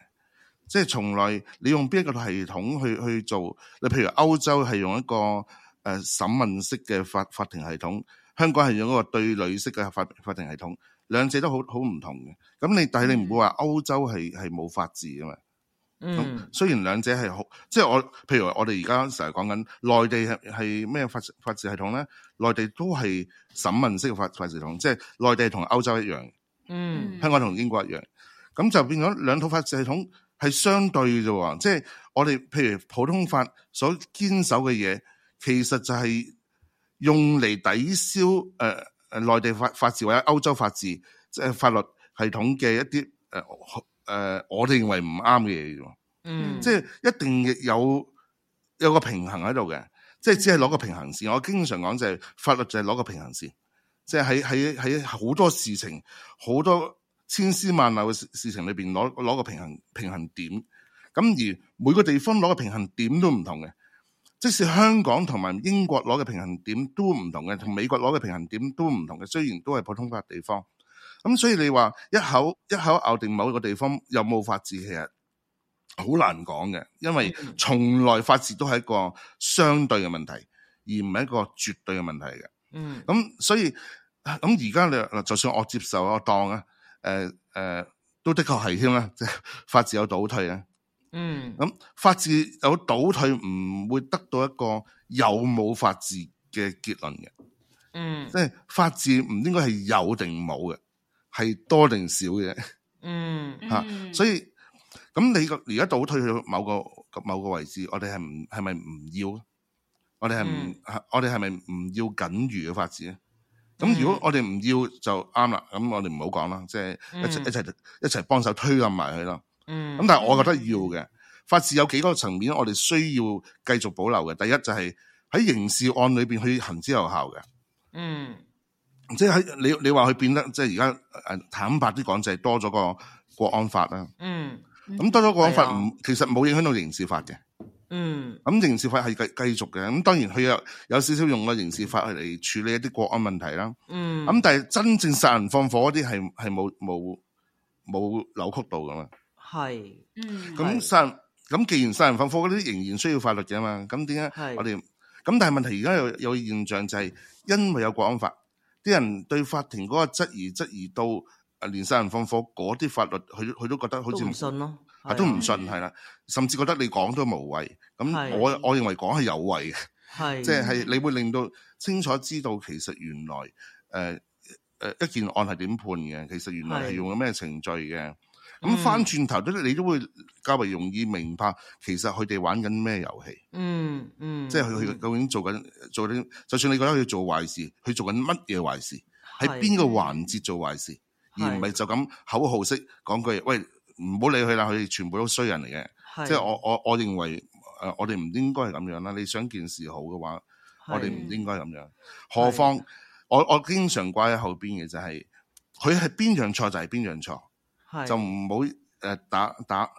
即係從來你用邊一個系統去去做？你譬如歐洲係用一個誒、呃、審問式嘅法法庭系統，香港係用一個對壘式嘅法法庭系統。兩者都好好唔同嘅，咁你但係你唔會話歐洲係係冇法治㗎嘛？嗯，雖然兩者係好，即係我譬如我哋而家成日講緊內地係係咩法法治系統咧，內地都係審問式嘅法法治系統，即係內地同歐洲一樣，嗯，香港同英國一樣，咁就變咗兩套法治系統係相對啫喎，即係我哋譬如普通法所堅守嘅嘢，其實就係用嚟抵消誒。呃誒，內地法法治或者歐洲法治，即係法律系統嘅一啲誒，誒、呃呃，我哋認為唔啱嘅嘢，嗯，即係一定有有個平衡喺度嘅，即係只係攞個平衡線。嗯、我經常講就係法律就係攞個平衡線，即係喺喺喺好多事情、好多千絲萬縷嘅事事情裏邊攞攞個平衡平衡點。咁而每個地方攞個平衡點都唔同嘅。即使香港同埋英國攞嘅平衡點都唔同嘅，同美國攞嘅平衡點都唔同嘅。雖然都係普通法地方，咁、嗯、所以你話一口一口咬定某一個地方有冇法治，其實好難講嘅，因為從來法治都係一個相對嘅問題，而唔係一個絕對嘅問題嘅。嗯，咁、嗯、所以咁而家你嗱，就算我接受我當啊，誒、呃、誒、呃，都的確係添啦，即係法治有倒退咧、啊。嗯，咁、嗯、法治有倒退，唔會得到一個有冇法治嘅結論嘅。嗯，即係法治唔應該係有定冇嘅，係多定少嘅。嗯、吓、啊，嗯、所以咁你個而家倒退去某個某個位置，我哋係唔係咪唔要？我哋係唔我哋係咪唔要僅餘嘅法治咧？咁、嗯嗯、如果我哋唔要就啱啦，咁我哋唔好講啦，即、就、係、是、一齊一齊一齊幫手推冧埋佢咯。嗯，咁但係我覺得要嘅，法治有幾個層面，我哋需要繼續保留嘅。第一就係喺刑事案裏邊去行之有效嘅。嗯，即係喺你你話佢變得即係而家誒坦白啲講就係多咗個國安法啦。嗯，咁、嗯、多咗國安法，了其實冇影響到刑事法嘅。嗯，咁、嗯、刑事法係繼繼續嘅。咁當然佢有有少少用個刑事法去嚟處理一啲國安問題啦。嗯，咁、嗯、但係真正殺人放火嗰啲係係冇冇冇扭曲到噶嘛？係，嗯，咁殺、嗯、人咁，是既然殺人放火嗰啲仍然需要法律嘅嘛，咁點解我哋咁？是但係問題而家有有現象就係，因為有國安法，啲人對法庭嗰個質疑質疑到，誒，連殺人放火嗰啲法律，佢佢都覺得好似唔信咯，係、啊啊、都唔信係啦、啊，甚至覺得你講都無謂。咁我是我，我認為講係有謂嘅，係是，即係 你會令到清楚知道其、呃呃，其實原來誒誒一件案係點判嘅，其實原來係用咗咩程序嘅。的咁翻轉頭，都你都會較為容易明白，其實佢哋玩緊咩遊戲？嗯嗯，嗯即係佢佢究竟做緊做緊，嗯、就算你覺得佢做壞事，佢做緊乜嘢壞事？喺邊個環節做壞事，的而唔係就咁口號式講句：的喂，唔好理佢啦！佢哋全部都衰人嚟嘅。的即係我我我認為，誒，我哋唔應該係咁樣啦。你想件事好嘅話，我哋唔應該咁樣。何況，我我經常掛喺後邊嘅就係、是就是，佢係邊樣錯就係邊樣錯、就是。就唔好誒打打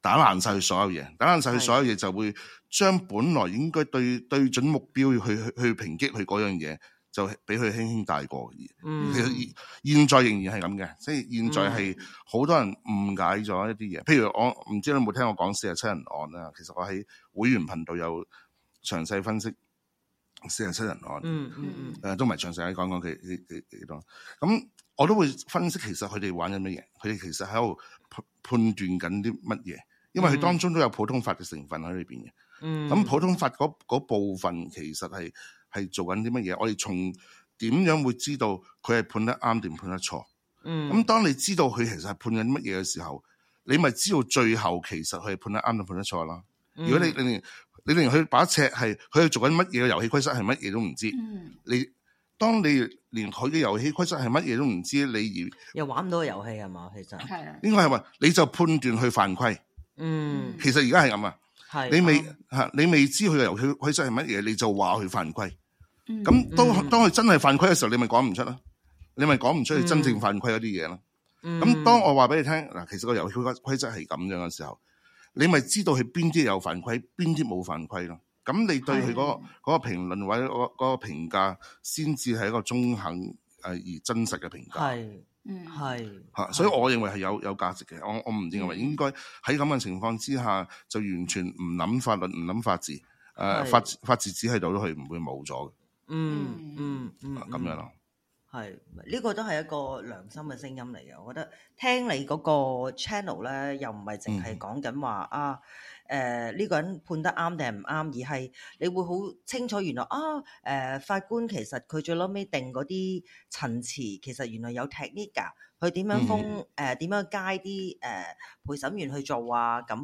打爛晒佢所有嘢，打爛晒佢所有嘢就會將本來應該對對準目標去去去抨擊佢嗰樣嘢，就俾佢輕輕帶過。而其實現在仍然係咁嘅，即係現在係好多人誤解咗一啲嘢。譬如我唔知你有冇聽我講四十七人案啦，其實我喺會員頻道有詳細分析四十七人案。嗯嗯嗯，誒，都唔係詳細講講佢啲啲啲嘢咁。我都會分析，其實佢哋玩緊乜嘢，佢哋其實喺度判判斷緊啲乜嘢，因為佢當中都有普通法嘅成分喺裏邊嘅。嗯，咁普通法嗰部分其實係係做緊啲乜嘢？我哋從點樣會知道佢係判得啱定判得錯？嗯，咁當你知道佢其實係判緊乜嘢嘅時候，你咪知道最後其實佢係判得啱定判得錯啦。如果你你連你連佢把尺係佢做緊乜嘢嘅遊戲規則係乜嘢都唔知，嗯，你。當你連佢嘅遊戲規則係乜嘢都唔知，你而又玩唔到個遊戲係嘛？其實係是啊，應該，應該係話你就判斷佢犯規。嗯，其實而家係咁啊，係你未嚇你未知佢嘅遊戲規則係乜嘢，你就話佢犯規。咁都、嗯、當佢真係犯規嘅時候，你咪講唔出啦，你咪講唔出佢真正犯規嗰啲嘢啦。咁、嗯、當我話俾你聽嗱，其實個遊戲規規則係咁樣嘅時候，你咪知道係邊啲有犯規，邊啲冇犯規咯。咁你對佢嗰個嗰個評論或者嗰嗰個評價，先至係一個中肯誒而真實嘅評價。係，嗯係嚇，所以我認為係有有價值嘅。我我唔認為應該喺咁嘅情況之下，就完全唔諗法律，唔諗法治。誒、啊是，法治法治只喺度都係唔會冇咗嘅。嗯嗯嗯，咁、嗯、樣咯，係呢、呢個都係一個良心嘅聲音嚟嘅。我覺得聽你嗰個 channel 咧，又唔係淨係講緊話啊。嗯誒呢、呃這個人判得啱定係唔啱，而係你會好清楚原來啊誒、呃、法官其實佢最撈尾定嗰啲陳詞，其實原來有 technique 㗎，佢點樣封誒點、嗯呃、樣 guide 啲誒陪審員去做啊？咁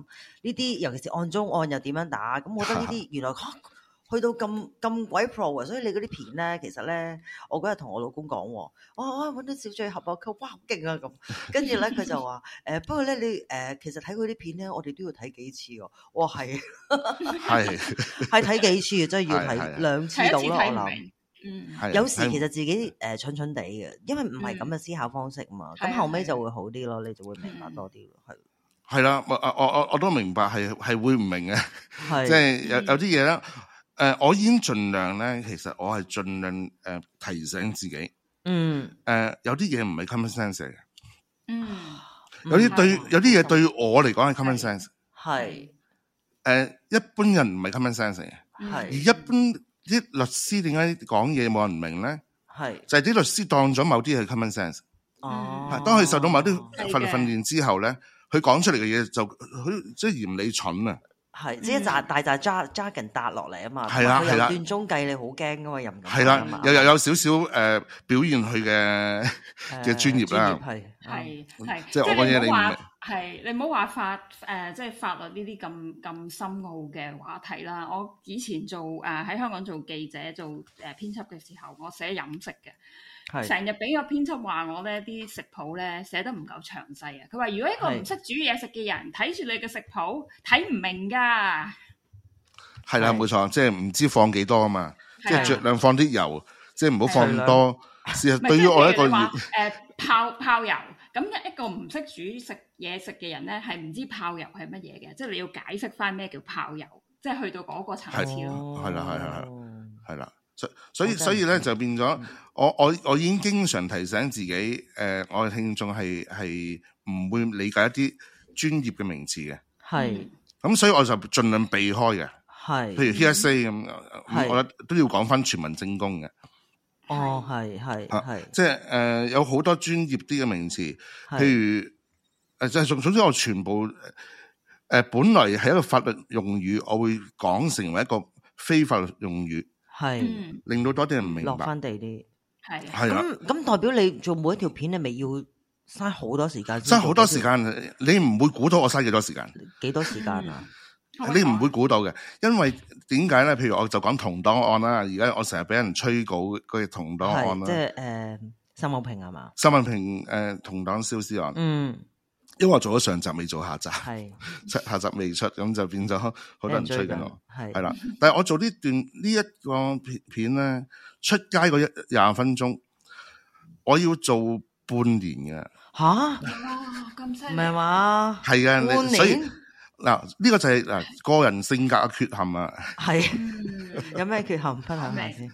呢啲尤其是案中案又點樣打？咁 我覺得呢啲原來。啊去到咁咁鬼 pro 啊，Pro，所以你嗰啲片咧，其實咧，我嗰日同我老公講，我我揾到小醉俠啊，哇，好勁啊！咁跟住咧，佢就話誒，eh，不過咧，你誒、呃、其實睇佢啲片咧，我哋都要睇幾次喎。哇，係係睇幾次真係、即係、要睇兩次到咯。 我諗、嗯、有時其實自己誒蠢蠢地嘅，因為唔係咁嘅思考方式啊嘛。咁、嗯、後尾就會好啲咯，你就會明白多啲。係係啦，我我我，我，我，我都明白係係會唔明嘅，即 係 有有啲嘢啦。誒，我已經盡量咧，其實我係盡量誒提醒自己，嗯，誒有啲嘢唔係 common sense 嘅，嗯，有啲對，有啲嘢對我嚟講係 common sense，係，誒一般人唔係 common sense 嘅，係，而一般啲律師點解講嘢冇人明咧？係，就係啲律師當咗某啲係 common sense，哦，當佢受到某啲法律訓練之後咧，佢講出嚟嘅嘢就佢即係嫌你蠢啊。係，即一紮大紮揸揸緊打落嚟啊嘛！係啊係啦，段鐘計你，你好驚㗎嘛，任唔敢啊又又的的有，有少少誒表現佢嘅嘅專業啦，係係係。即係你唔好係你唔好話法誒，即係法律呢啲咁咁深奧嘅話題啦。我以前做誒喺、呃、香港做記者做誒編輯嘅時候，我寫飲食嘅。嗯成日俾個編輯話我咧啲食譜咧寫得唔夠詳細啊！佢話如果一個唔識煮嘢食嘅人睇住你嘅食譜睇唔明噶。係啦，冇錯，即係唔知放幾多啊嘛，即係盡量放啲油，即係唔好放咁多。事實上，對於我一個，誒，泡泡油咁一一個唔識煮食嘢食嘅人咧，係唔知泡油係乜嘢嘅，即係你要解釋翻咩叫泡油，即係去到嗰個層次咯。係啦，係係，係啦。所以，所以咧就變咗我、嗯、我我已經經常提醒自己，誒、呃，我嘅聽眾係係唔會理解一啲專業嘅名詞嘅，係咁是、嗯，所以我就盡量避開嘅，係是，譬如 P.S.A. 咁、嗯，係是、嗯，我都要講翻全民政工嘅，哦，係係係，即係誒，有好多專業啲嘅名詞，是譬如誒，就、呃、係總總之，我全部誒、呃、本來係一個法律用語，我會講成為一個非法律用語。係，是嗯，令到多啲人唔明白。落翻地啲，係的，係咁。咁代表你做每一條片，你咪要嘥好多時間？嘥好多時間，你唔會估到我嘥幾多時間？幾多時間啊？ 你唔會估到嘅，因為點解咧？譬如我就講同黨案啦，啊，而家我成日俾人催稿黨，啊，佢同黨案啦，即係誒，呃，新聞評係嘛？新聞評誒同黨消屍案。嗯因為我做咗上集，未做下集，係是下集未出，咁就變咗好多人追緊我係啦。但係我做呢段呢一、個片片咧，出街嗰一廿分鐘，我要做半年嘅。吓哈哇咁犀，唔係話係你。所以，嗱。呢個就係嗱個人性格嘅缺陷啊。係 有咩缺陷分享 下先，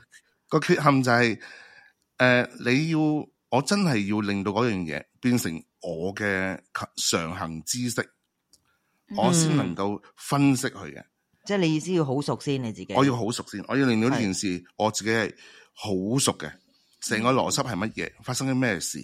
個缺陷就係、是、誒、呃，你要我真係要令到嗰樣嘢。變成我嘅常恆知識，我先能夠分析佢嘅、嗯。即係你意思要好熟先，你自己。我要好熟先，我要令到呢件事是我自己係好熟嘅。成個邏輯係乜嘢？嗯、發生緊咩事？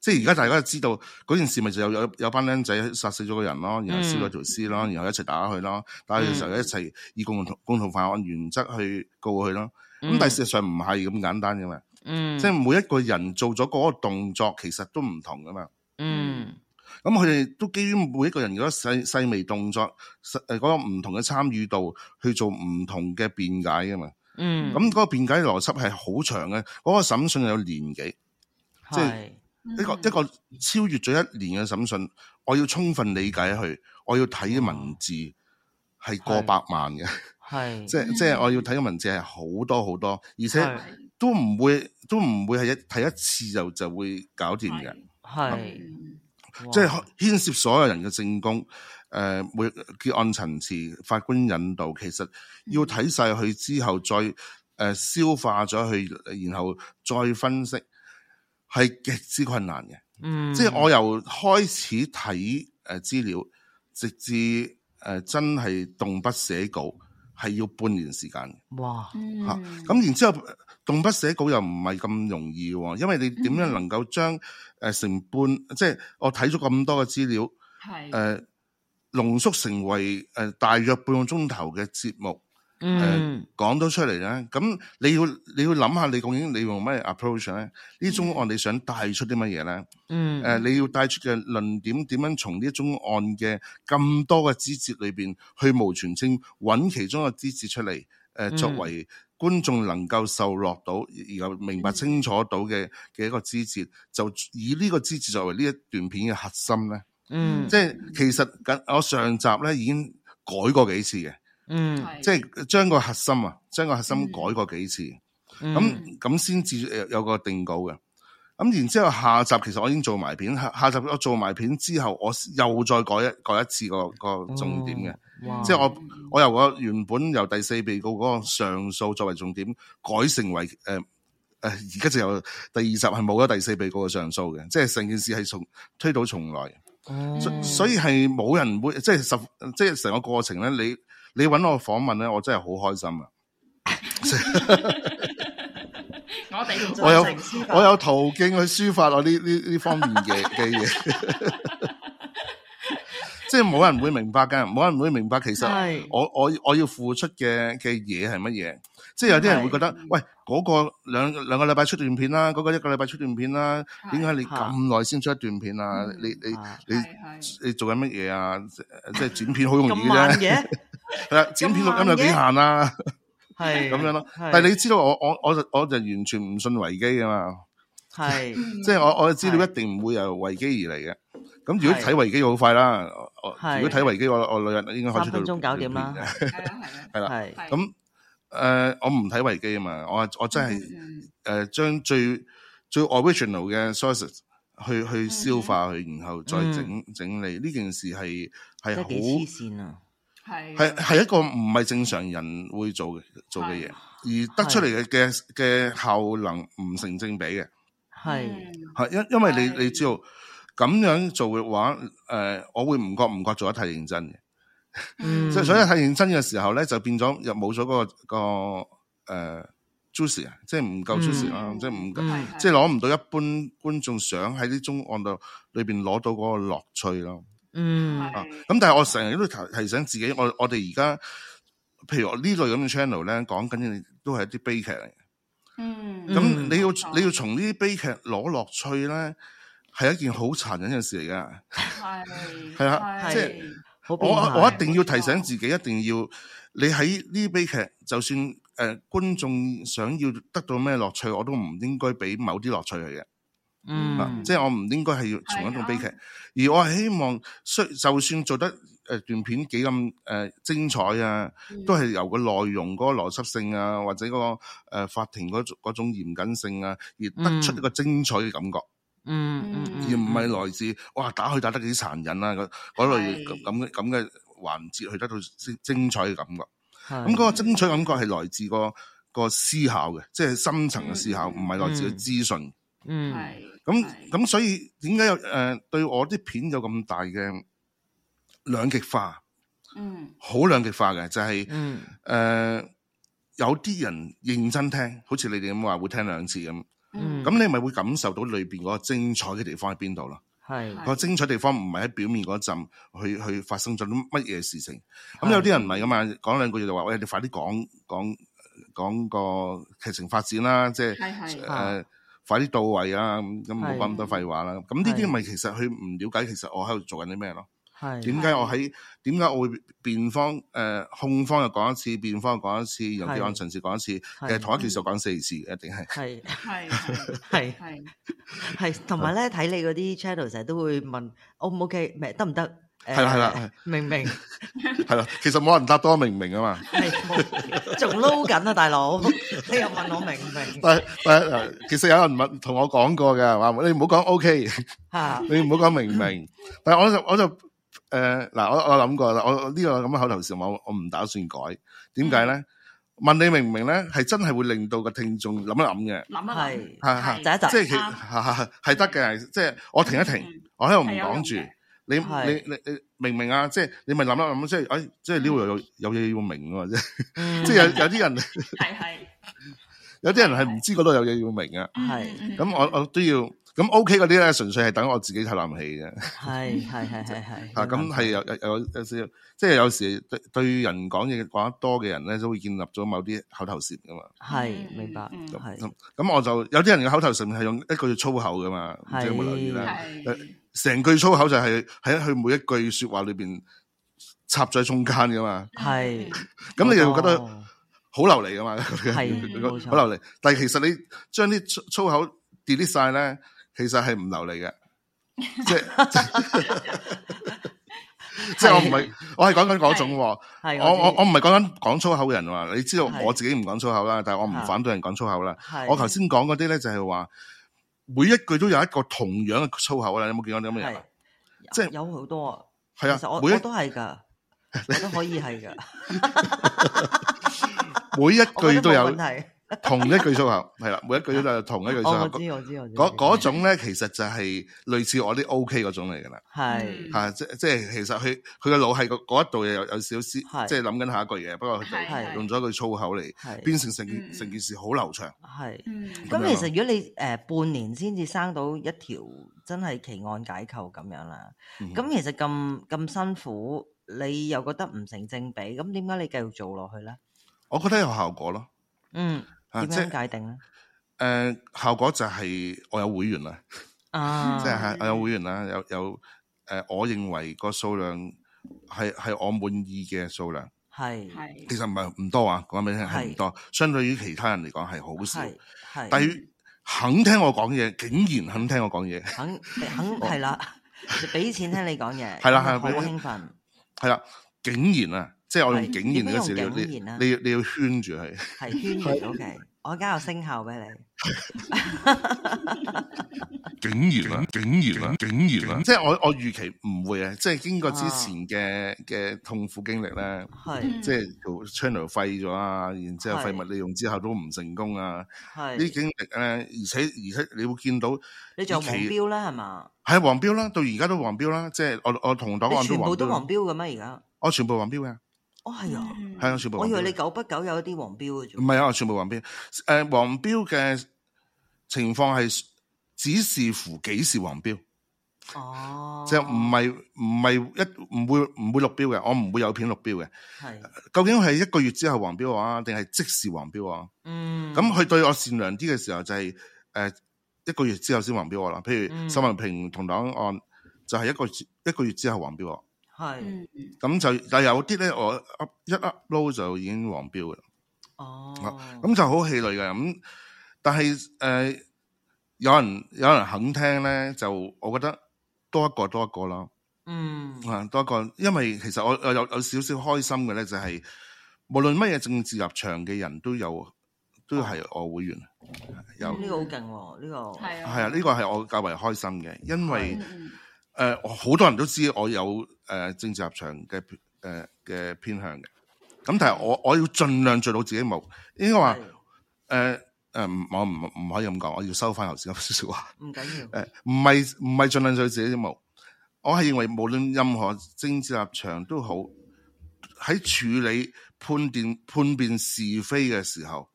即係而家大家都知道嗰件事咪就有有有班僆仔殺死咗個人咯，然後燒咗條屍咯，然後一齊打佢咯，嗯、打佢嘅時候一齊以共同共同犯案原則去告佢咯。咁但係事實上唔係咁簡單嘅。嘛。嗯，即係每一個人做咗嗰個動作，其實都唔同噶嘛。嗯，咁佢哋都基於每一個人嗰個細細微動作，誒、嗰、嗰個唔同嘅參與度去做唔同嘅辯解噶嘛。嗯，咁嗰個辯解邏輯係好長嘅，嗰、嗰個審訊有年幾，即係係一個係、嗯、一個超越咗一年嘅審訊，我要充分理解佢，我要睇文字係過百萬嘅，係，即係即係我要睇嘅文字係好多好多，多，而且。都唔會，都唔會係一睇一次就就會搞掂嘅，係即係牽涉所有人嘅證供。誒、呃、每案層次法官引導，其實要睇晒佢之後再，再、呃、誒消化咗佢，然後再分析係極之困難嘅。嗯，即係我由開始睇誒、呃、資料，直至誒、呃、真係動筆寫稿，係要半年時間嘅。哇，嚇咁、嗯啊、然之後。動筆寫稿又唔係咁容易喎、哦，因為你點樣能夠將誒、嗯呃、成半，即係我睇咗咁多嘅資料，誒的、呃、濃縮成為誒、呃、大約半個鐘頭嘅節目，誒、嗯呃、講到出嚟咧。咁你要你要諗下，你究竟你用咩 approach 咧？呢種案你想帶出啲乜嘢咧？誒、嗯呃、你要帶出嘅論點點樣從呢種案嘅咁多嘅支節裏邊去無全稱揾其中嘅支節出嚟？誒，作為觀眾能夠受落到，然後明白清楚到嘅嘅一個枝節，嗯、就以呢個枝節作為呢一段片嘅核心咧。嗯，即係其實咁，我上集咧已經改過幾次嘅。嗯，即係將個核心啊，將個核心改過幾次，咁咁先至有有個定稿嘅。咁然之後，下集其實我已經做埋片，下集我做埋片之後，我又再改一改一次個個重點嘅，哦、即係我我由個原本由第四被告嗰個上訴作為重點，改成為誒誒而家就由第二集係冇咗第四被告嘅上訴嘅，即係成件事係從推倒重來，嗯所，所以係冇人會即係十即係成個過程咧，你你搵我訪問咧，我真係好開心啊！ 我有我有途徑去抒發，我呢呢呢方面嘅嘅嘢，即係冇人會明白㗎，冇人會明白其實我我我要付出嘅嘅嘢係乜嘢。即係有啲人會覺得，喂，嗰個兩兩個禮拜出段片啦，嗰個一個禮拜出段片啦，點解你咁耐先出一段片啊？你你你你做緊乜嘢啊？即係剪片好容易嘅啫，剪片錄音有幾閒啊？係咁樣咯，但係你知道我我我就我就完全唔信維基噶嘛，係，即係我我嘅資料一定唔會由維基而嚟嘅。咁如果睇維基好快啦，如果睇維基我我兩日應該可以，到，三分鐘搞掂啦，係啦，係咁誒，我唔睇維基啊嘛，我我真係誒將最最 original 嘅 sources 去去消化佢，然後再整整理呢件事係係好黐線啊！係係一個唔係正常人會做嘅做嘅嘢，是而得出嚟嘅嘅嘅效能唔成正比嘅。係係因因為你是你知道咁樣做嘅話，誒、呃、我會唔覺唔覺做得太認真嘅。即係、嗯、 所以太認真嘅時候咧，就變咗又冇咗嗰個、那個誒、呃、juicy，即係唔夠 juicy 啦、嗯，即係唔即係攞唔到一般觀眾想喺呢宗案度裏邊攞到嗰個樂趣咯。嗯，啊、嗯，咁但係我成日都提提醒自己，我我哋而家，譬如我呢類咁嘅 channel 咧，講緊嘅都係一啲悲劇嚟嘅，嗯，咁、嗯、你要你要從呢啲悲劇攞樂趣咧，係一件好殘忍嘅事嚟嘅。係，係啊，即係我我一定要提醒自己，一定要你喺呢啲悲劇，就算誒、呃、觀眾想要得到咩樂趣，我都唔應該俾某啲樂趣佢嘅。嗯、mm. 啊，即係我唔應該係要重溫一種悲劇， 而我係希望需就算做得誒、呃、段片幾咁誒、呃、精彩啊，mm. 都係由個內容嗰個邏輯性啊，或者嗰、那個誒、呃、法庭嗰嗰種嚴謹性啊，而得出一個精彩嘅感覺。嗯，mm. mm. 而唔係來自哇打去打得幾殘忍啊嗰嗰類咁咁嘅環節去得到精彩嘅感覺。咁嗰、mm. 嗯那個精彩感覺係來自、那個、那個思考嘅，即係深層嘅思考，唔係來自個資訊。嗯，係。咁咁所以點解有誒、呃、對我啲片有咁大嘅兩極化，嗯，好兩極化嘅就係、是，嗯，誒、呃，有啲人認真聽，好似你哋咁話會聽兩次咁，嗯，咁你咪會感受到裏邊嗰個精彩嘅地方喺邊度咯，係個精彩地方唔係喺表面嗰陣去去發生咗乜嘢事情，咁有啲人唔係噶嘛，講兩句嘢就話，喂、欸，你快啲講講講個劇情發展啦，即係，係係，誒。快啲到位啊！咁咁冇講咁多廢話啦。咁呢啲咪其實佢唔了解，其實我喺度做緊啲咩咯？係點解我喺，點解我會辯方、誒控方又講一次，辯方又講一次，由結案陳詞講一次，其實同一期就講四次，一定係係係係係，同埋咧睇你嗰啲 channel 成日都會問 O 唔 OK，咩得唔得？係啦係啦，明明係啦，其實冇人答到明唔明啊嘛，係仲撈緊啊，大佬，你又問我明唔明，但係但係其實有人問同我講過嘅話，你唔好講 O K，吓，你唔好講明唔明，但係我就我就誒嗱，我我諗過啦，我我呢個咁嘅口頭禪，我我唔打算改，點解咧？問你明唔明咧？係真係會令到個聽眾諗一諗嘅，諗一諗，係係，停一停，即係，係係係得嘅，即係我停一停，我喺度唔講住。你你你你明唔明啊，即係你咪諗一諗，即係，哎，即係呢度有有嘢要明啊嘛，即係，嗯、 即係有有啲人，係係 對，有啲人係唔知嗰度有嘢要明啊。係、嗯，咁我我都要，咁 OK 嗰啲咧，純粹係等我自己睇冷氣嘅。係係係係係， 啊，咁係有有有有少，即係有,、就是、有時對對人講嘢講得多嘅人咧，都會建立咗某啲口頭禪噶嘛。係、嗯，明白。咁、嗯、咁，是我就有啲人嘅口頭禪係用一個字粗口噶嘛，唔知有冇留意咧？成句粗口就係喺佢每一句說話裏邊插咗中間噶嘛，係咁是 你又覺得好流利噶嘛，係好是 流利。沒錯 但係其實你將啲粗口 delete 晒咧，其實係唔流利嘅。 即係即係我唔係是我係講緊嗰種我，我我我唔係講緊講粗口嘅人啊，你知道我自己唔講粗口啦，但係我唔反對人講粗口啦。我頭先講嗰啲咧就係話。每一句都有一個同樣嘅粗口啊，你有冇見過啲咁嘅嘢？是即係有好多啊，係啊，其實我每一我都係㗎，你 都可以係㗎，每一句都有。同一句粗口係啦，每一句都係同一句粗口。我知我知我知。嗰嗰種咧，其實就係類似我啲 O.K. 嗰種嚟噶啦。係吓，即即係其實佢佢個腦係個嗰一度又有有少少，即係諗緊下一句嘢。不過佢用咗一句粗口嚟，變成成件成件事好流暢。係，咁其實如果你誒半年先至生到一條，真係奇案解構咁樣啦。咁其實咁咁辛苦，你又覺得唔成正比，咁點解你繼續做落去咧？我覺得有效果咯。嗯。點樣界定咧？誒，效果就係我有會員啦，即係我有會員啦，有有誒，我認為個數量係係我滿意嘅數量，係係，其實唔係唔多啊，講俾你聽係唔多，相對於其他人嚟講係好少。係，但係肯聽我講嘢，竟然肯聽我講嘢，肯肯係啦，俾錢聽你講嘢，係啦係啦，好興奮，係啦，竟然啊！即係我用警員嗰詞，你你要你要圈住佢，係圈然 OK，我而家有聲效俾你，警員啊警員啊警員啊！即係我我預期唔會啊！即係經過之前嘅嘅痛苦經歷咧，係即係 channel 廢咗啊，然之後廢物利用之後都唔成功啊，係啲經歷咧，而且而且你會見到你仲有黃標啦係嘛？係黃標啦，到而家都黃標啦，即係我我同黨都黃標。你全部都黃標咩而家？我全部黃標嘅。哦，係啊，係啊，全部。 我以為你久不久有一啲黃標嘅啫。唔係啊，全部黃標。誒、呃，黃標嘅情況係只視乎幾時黃標。哦，即係唔係唔係一唔會唔會綠標嘅，我唔會有片綠標嘅。係是，究竟係一個月之後黃標啊，定係即時黃標啊？嗯，咁佢、嗯、對我善良啲嘅時候就係誒一個月之後先黃標我啦。譬如沈文平同檔案就係一個月一個月之後黃標我。係，咁就但有啲咧，我一 up, up load 就已經黃標嘅，哦，咁、嗯、就好氣餒嘅。咁、嗯、但係誒、呃，有人有人肯聽咧，就我覺得多一個多一個啦，嗯，啊多一個，因為其實我有有有少少開心嘅咧、就是，就係無論乜嘢政治立場嘅人都有，都係我會員，哦、有呢、嗯這個好勁喎，呢、這個係 啊，係啊，呢個係我較為開心嘅，因為誒好、嗯呃、多人都知我有。誒、呃，政治立場嘅偏誒嘅偏向嘅，咁但係我我要盡量做到自己冇，應該話誒誒，我唔唔可以咁講，我要收翻頭先嗰少少話，唔緊要，誒唔係唔係盡量做到自己冇，我係認為無論任何政治立場都好，喺處理判斷判斷是非嘅時候，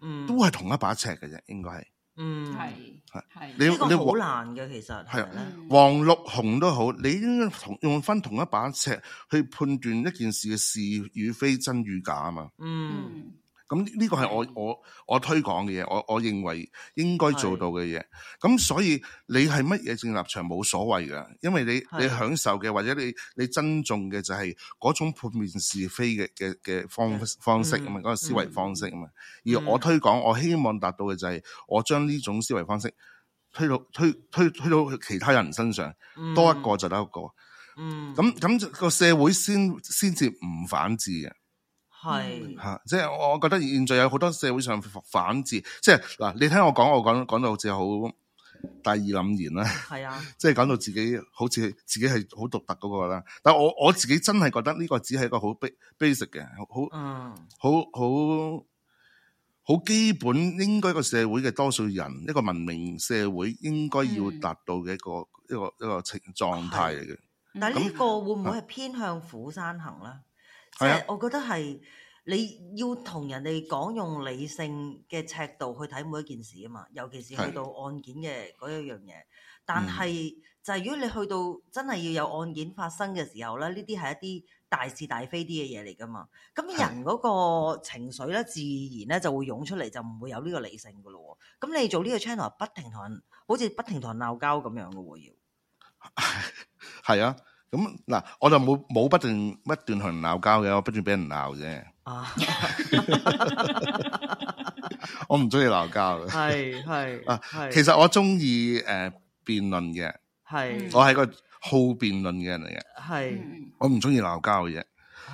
嗯，都係同一把尺嘅啫，應該係。嗯，係係係，呢你個好難嘅你其實係啊，黃綠紅都好，你應該同用翻同一把尺去判斷一件事嘅是與非、真與假啊嘛。嗯。嗯咁呢、嗯、個係我我我推廣嘅嘢，我我認為應該做到嘅嘢。咁是、嗯、所以你係乜嘢政立場冇所謂噶，因為你是你享受嘅或者你你尊重嘅就係嗰種判辨是非嘅嘅嘅方方式啊嘛，嗰、嗯、個思維方式啊嘛。嗯嗯、而我推廣，我希望達到嘅就係、是、我將呢種思維方式推到推推推到其他人身上，嗯、多一個就得一個。嗯，咁咁個社會先先至唔反智嘅。嗯係吓是、嗯，即係我覺得現在有好多社會上反智，即係嗱，你聽我講，我講講到好似好大義凜然啦，係啊，即係講到自己好似自己係好獨特嗰個啦。但我我自己真係覺得呢個只係一個好 basic 嘅，好好好好好基本，應該個社會嘅多數人，一個文明社會應該要達到嘅一個、嗯、一個一個情狀態嚟嘅。但呢個那會唔會係偏向《虎山行呢》咧？即係我覺得係你要同人哋講用理性嘅尺度去睇每一件事啊嘛，尤其是去到案件嘅嗰一樣嘢。但係就係如果你去到真係要有案件發生嘅時候咧，呢啲係一啲大是大非啲嘅嘢嚟噶嘛。咁人嗰個情緒咧，自然咧就會湧出嚟，就唔會有呢個理性噶咯。咁你做呢個 channel 不停同人，好似不停同人鬧交咁樣噶喎，要係 啊。咁嗱、嗯，我就冇冇不斷不斷同人鬧交嘅，我不斷俾人鬧啫。 我唔中意鬧交嘅，係係啊，其實我中意誒辯論嘅，係是我係個好辯論嘅人嚟嘅，係是我唔中意鬧交嘅啫，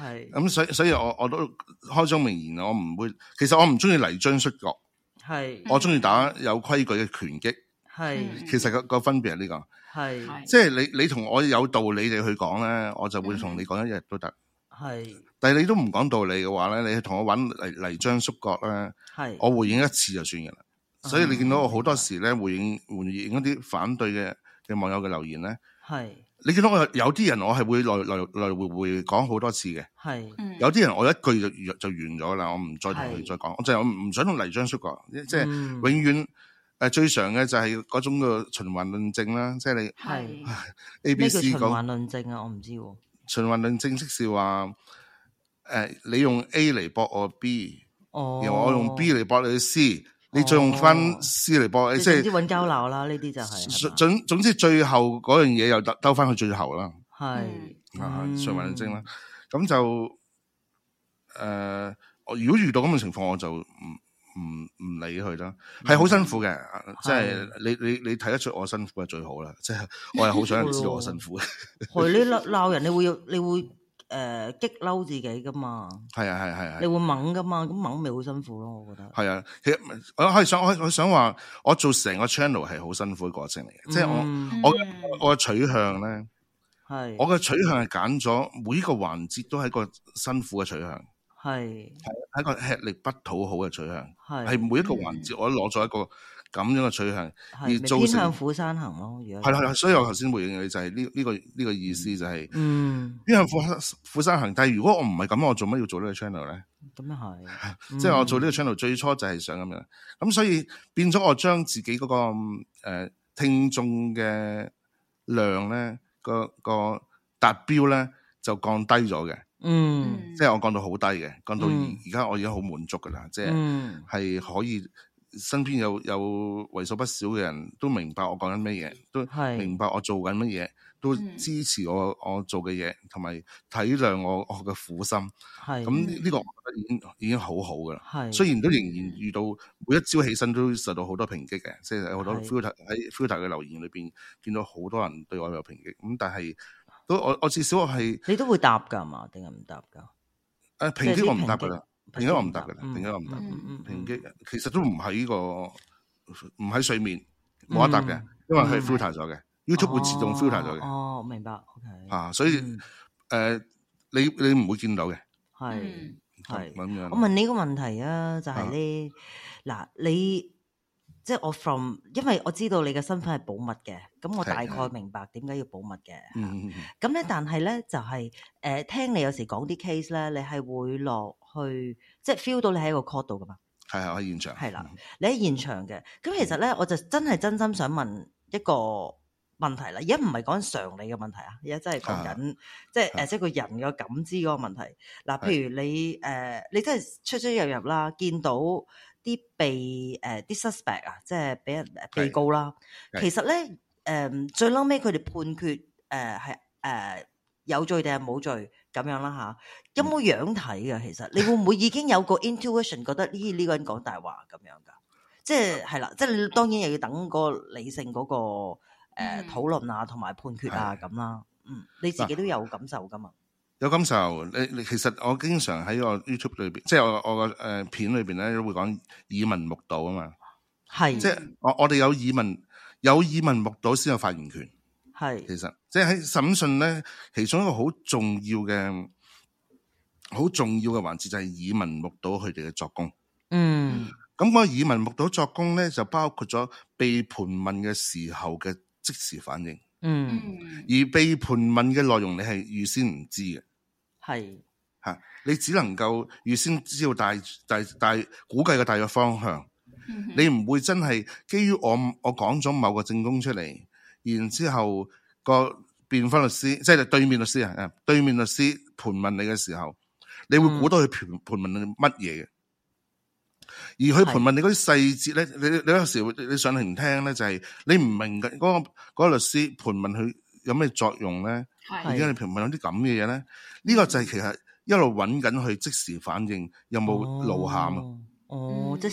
係咁所所以，所以我我都開宗明言我唔會，其實我唔中意泥樽摔角，係是是我中意打有規矩嘅拳擊，係其實個個分別係呢個。係，是即係你你同我有道理你去講咧，我就會同你講一日都得。係是，但係你都唔講道理嘅話咧，你同我揾嚟嚟張叔角咧，係，是我回應一次就算嘅啦。嗯，所以你見到我好多時咧，回應回應嗰啲反對嘅嘅網友嘅留言咧，係是，你見到我有啲人我係會來來來回回講好多次嘅，係是，有啲人我一句就就完咗啦，我唔再同佢再講是，我就唔唔想同黎張叔角，即係是永遠 遠。誒，最常嘅就係嗰種嘅循環論證啦，即係你是 A B,、B、C 循環論證啊，我唔知喎、啊。循環論證即是話，誒、呃，你用 A 嚟駁我 B，、哦、然後我用 B 嚟駁你 C，、哦、你再用翻 C 嚟駁，哦、即係是、就是。總搵交樓啦，呢啲就係總總之，最後嗰樣嘢又兜翻去最後啦。係循環論證啦，咁就誒，我、呃、如果遇到咁嘅情況，我就唔。唔唔理佢啦，係好辛苦嘅，的即係你你你睇得出我辛苦係最好啦，即係的我係好想人知道我辛苦嘅。佢呢鬧人你會要，你會誒激嬲自己噶嘛？係啊係係係，你會猛噶、呃、嘛？咁猛咪好辛苦咯，我覺得。係啊，其實我係想我係想話，我做成個 channel 係好辛苦嘅過程嚟嘅，嗯、即係我我我嘅取向咧，係我嘅取向係揀咗每一個環節都係一個辛苦嘅取向。係係一個吃力不討好嘅取向，係係是每一個環節我都攞咗一個咁樣嘅取向是而做成。偏向虎山行咯，如果係啦，所以我頭先回應你就係呢呢個呢、嗯、個意思就係、是，嗯，偏向虎山行。但係如果我唔係咁，我做乜要做個道呢個 channel 咧？咁又係，即、嗯、係 我做呢個 channel 最初就係想咁樣，咁所以變咗我將自己嗰、那個誒、呃、聽眾嘅量咧、嗯，個個達標咧就降低咗嘅。嗯，即係我講到好低嘅，講到而而家我已經好滿足噶啦，即係係可以身邊有有為數不少嘅人都明白我講緊乜嘢，都明白我做緊乜嘢，都支持我我做嘅嘢，同埋體諒我我嘅苦心。係咁，呢個我覺得已經已經好好噶啦。係雖然都仍然遇到每一朝起身都受到好多抨擊嘅，即係好多喺 Twitter 嘅留言裏邊見到好多人對我有抨擊，咁但係。都我我至少我係，你都會答噶嘛，定係唔答噶？誒，平擊我唔答噶啦，平擊我唔答噶啦，平擊我唔答。平擊其實都唔係呢個唔喺水面冇得答嘅，因為佢係 filter 咗嘅。YouTube 會自動 filter 咗嘅。哦，明白。OK。啊，所以誒，你你唔會見到嘅係係咁樣。我問你個問題啊，就係咧嗱你。即係我 from，因為我知道你嘅身份係保密嘅，咁我大概明白點解要保密嘅。咁咧的，的但係咧就係、是、誒、呃，聽你有時講啲 case 咧，你係會落去，即係 feel 到你喺個 court 度噶嘛？係係喺現場。係啦，你喺現場嘅，咁其實咧，我就真係真心想問一個問題啦。而家唔係講常理嘅問題啊，而家真係講緊即係誒，呃、的即係個人嘅感知嗰個問題。嗱，譬如你誒的、呃，你真係出出入入啦，見到，啲被誒啲 suspect 啊，即係俾人被告啦。其實咧誒、呃，最嬲尾佢哋判決誒係誒有罪定係冇罪咁樣啦嚇，有冇樣睇嘅？其實你會唔會已經有個 intuition 覺得呢呢個人講大話咁樣噶？即係係啦，即係你當然又要等個理性嗰、那個誒、呃、討論啊，同埋判決啊咁的啦。嗯，你自己都有感受噶嘛？有感受，你你其實我經常喺個 YouTube 裏邊，即係我我個誒、呃、片裏邊咧都會講耳聞目睹啊嘛，係是即係我我哋有耳聞有耳聞目睹先有發言權，係是其實即係喺審訊咧，其中一個好重要嘅好重要嘅環節就係耳聞目睹佢哋嘅作供。嗯，咁個耳聞目睹作供咧就包括咗被盤問嘅時候嘅即時反應，嗯，而被盤問嘅內容你係預先唔知嘅。係吓，你只能夠預先知道大大大，大估計嘅大約方向， 你唔會真係基於我我講咗某個證供出嚟，然之後，個辯方律師即係對面律師啊，對面律師盤問你嘅時候，你會估到佢盤盤問你乜嘢嘅，嗯、而佢盤問你嗰啲細節咧，是你你有時會你上庭聽咧，就係、是、你唔明嗰、嗰個、嗰個律師盤問佢有咩作用咧。而家你平評有啲咁嘅嘢咧，呢、這個就係其實一路揾緊去即時反應有冇露餡？啊、哦？哦，即、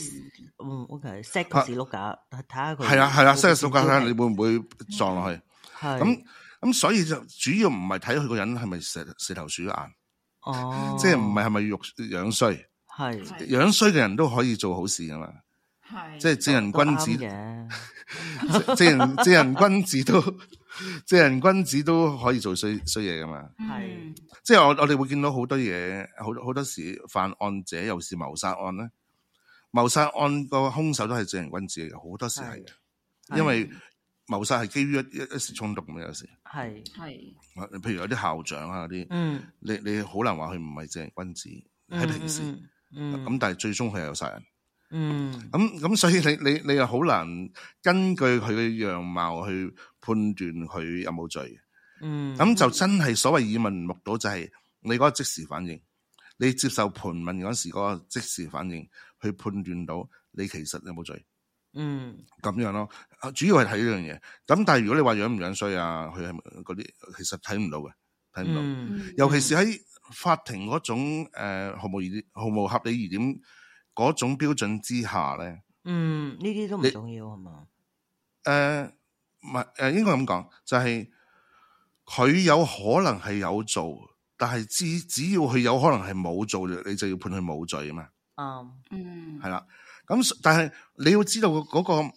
嗯、OK, 時，O K，set 個字碌架，睇下佢。係啊係啊，set 個數據睇下你會唔會撞落去？係咁咁，所以就主要唔係睇佢個人係咪賊賊頭鼠眼哦，即係唔係係咪肉樣衰？係的樣衰嘅人都可以做好事㗎嘛？係即係正人君子，正的 人正人，人君子都。正人君子都可以做衰衰嘢㗎嘛？係、mm，hmm。即係我我哋會見到好多嘢，好多好多時犯案者又是謀殺案咧，謀殺案個兇手都係正人君子嘅，好多時係，mm hmm。因為謀殺係基於一一一時衝動嘅有時，係係、mm，hmm。譬如有啲校長啊嗰啲，嗯、mm hmm，你你好難話佢唔係正人君子喺平時，嗯，咁但係最終佢係有殺人，嗯，咁咁所以你你你又好難根據佢嘅樣貌去。判斷佢有冇罪，嗯，咁就真係所謂耳聞目睹，就係你嗰個即時反應，你接受盤問嗰時嗰個即時反應去判斷到你其實有冇罪，嗯，咁樣咯，主要係睇呢樣嘢。咁但係如果你話樣唔樣衰啊，佢係嗰啲，其實睇唔到嘅，睇唔到。嗯嗯、尤其是喺法庭嗰種誒毫無疑點、毫無合理疑點嗰種標準之下咧，嗯，呢啲都唔重要係嘛？誒你。吧唔係誒，應該咁講，就係、是、佢有可能係有做，但係只只要佢有可能係冇做，你就要判佢冇罪啊嘛。哦、um,，嗯，係啦。咁但係你要知道嗰個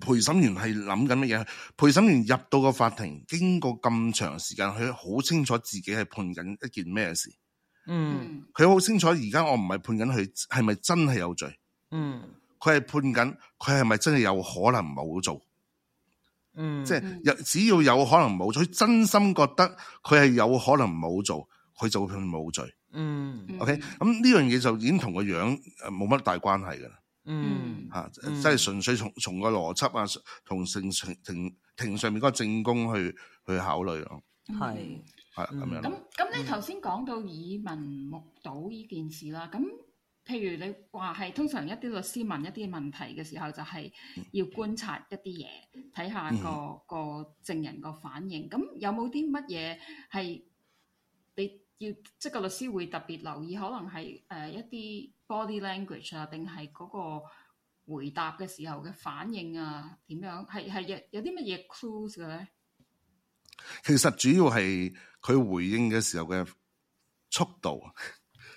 陪審員係諗緊乜嘢？陪審員入到個法庭，經過咁長時間，佢好清楚自己係判緊一件咩事。嗯，佢好清楚。而家我唔係判緊佢係咪真係有罪。嗯，佢係判緊佢係咪真係有可能冇做？嗯，即係有，只要有可能冇做，佢真心覺得佢係有可能冇做，佢就會冇罪。嗯，OK，咁呢、嗯、樣嘢就已經同個樣誒冇乜大關係噶啦。嗯，吓即係純粹從從個邏輯啊，同成情庭庭，庭上面嗰個證供去去考慮咯。係係咁樣咁咁、嗯，你頭先講到耳聞目睹呢件事啦，咁、嗯。譬如你話係通常一啲律師問一啲問題嘅時候，就係要觀察一啲嘢，睇、嗯、下、嗰個、嗯、證人個反應。咁有冇啲乜嘢係你要即係個律師會特別留意？可能係誒一啲 body language 啊，定係嗰個回答嘅時候嘅反應啊，點樣係係有有啲乜嘢 clue 嘅咧？其實主要係佢回應嘅時候嘅速度。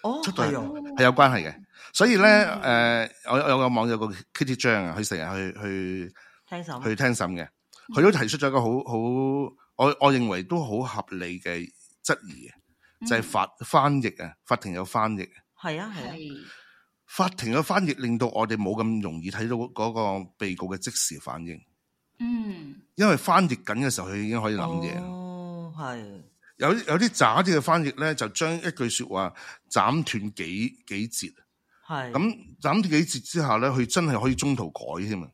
哦，係有關係嘅，哦、所以咧，誒、嗯呃，我有個網友個 Kitty 張啊，佢成日去聽審去聽去聽審嘅，佢都提出咗一個好好，我我認為都好合理嘅質疑嘅，就係、是、法、嗯、翻譯啊，法庭有翻譯，係啊係，啊啊法庭嘅翻譯令到我哋冇咁容易睇到嗰個被告嘅即時反應，嗯，因為翻譯緊嘅時候，佢已經可以諗嘢，哦，係、啊。有有啲渣啲嘅翻譯咧，就將一句説話斬斷幾幾節。係咁斬斷幾節之下咧，佢真係可以中途改添啊！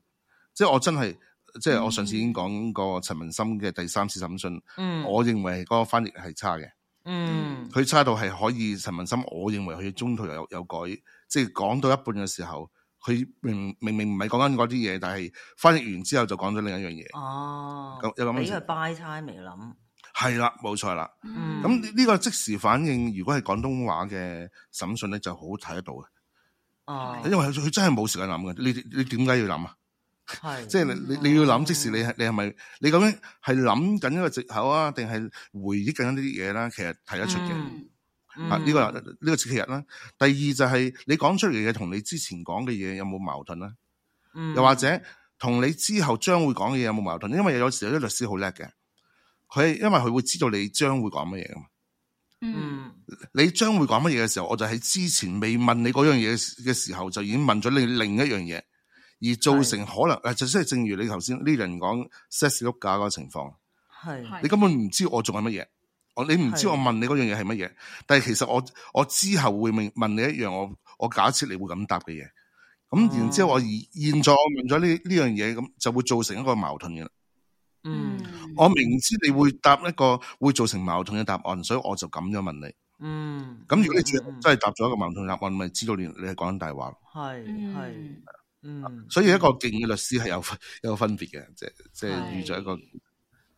即係我真係，即係我上次已經講過陳文森嘅第三次審訊。嗯，我嗯，我認為嗰個翻譯係差嘅。嗯，佢差到係可以陳文森我認為佢中途又有有改，即係講到一半嘅時候，佢明明明唔係講緊嗰啲嘢，但係翻譯完之後就講咗另一樣嘢。哦，咁有咁。俾佢擺差未諗。係啦，冇錯啦。咁呢、嗯、個即時反應，如果係廣東話嘅審訊咧，就好睇得到嘅。哦、啊，因為佢真係冇時間諗嘅。你你點解要諗啊？係的，即係、 就是、你你你要諗即時你，你係你係咪你究竟係諗緊一個藉口啊？定係回憶緊呢啲嘢咧？其實睇得出嘅。嗯嗯、啊，這個這個、呢個呢個其實啦。第二就係、是、你講出嚟嘅嘢同你之前講嘅嘢有冇矛盾咧？嗯、又或者同你之後將會講嘅嘢有冇矛盾？因為有時有啲律師好叻嘅。佢係因為佢會知道你將會講乜嘢噶嘛，嗯，你將會講乜嘢嘅時候，我就喺之前未問你嗰樣嘢嘅時候，就已經問咗你另一樣嘢，而造成可能誒，即係是、呃就是，正如你頭先呢陣講 set up 架嗰個情況，係是，你根本唔知我仲係乜嘢，我你唔知我問你嗰樣嘢係乜嘢，是但係其實我我之後會問問你一樣我我假設你會咁答嘅嘢，咁、嗯、然之後我現現在我問咗呢呢樣嘢，咁就會造成一個矛盾噶嗯，mm hmm. 我明知你會答一個會造成矛盾嘅答案，所以我就咁樣問你。嗯、mm，咁、hmm. 如果你真係答咗一個矛盾答案，咪、mm hmm. 知道你你係講緊大話咯。係係嗯，所以一個勁嘅律師係有分有分別嘅，即即係遇咗一個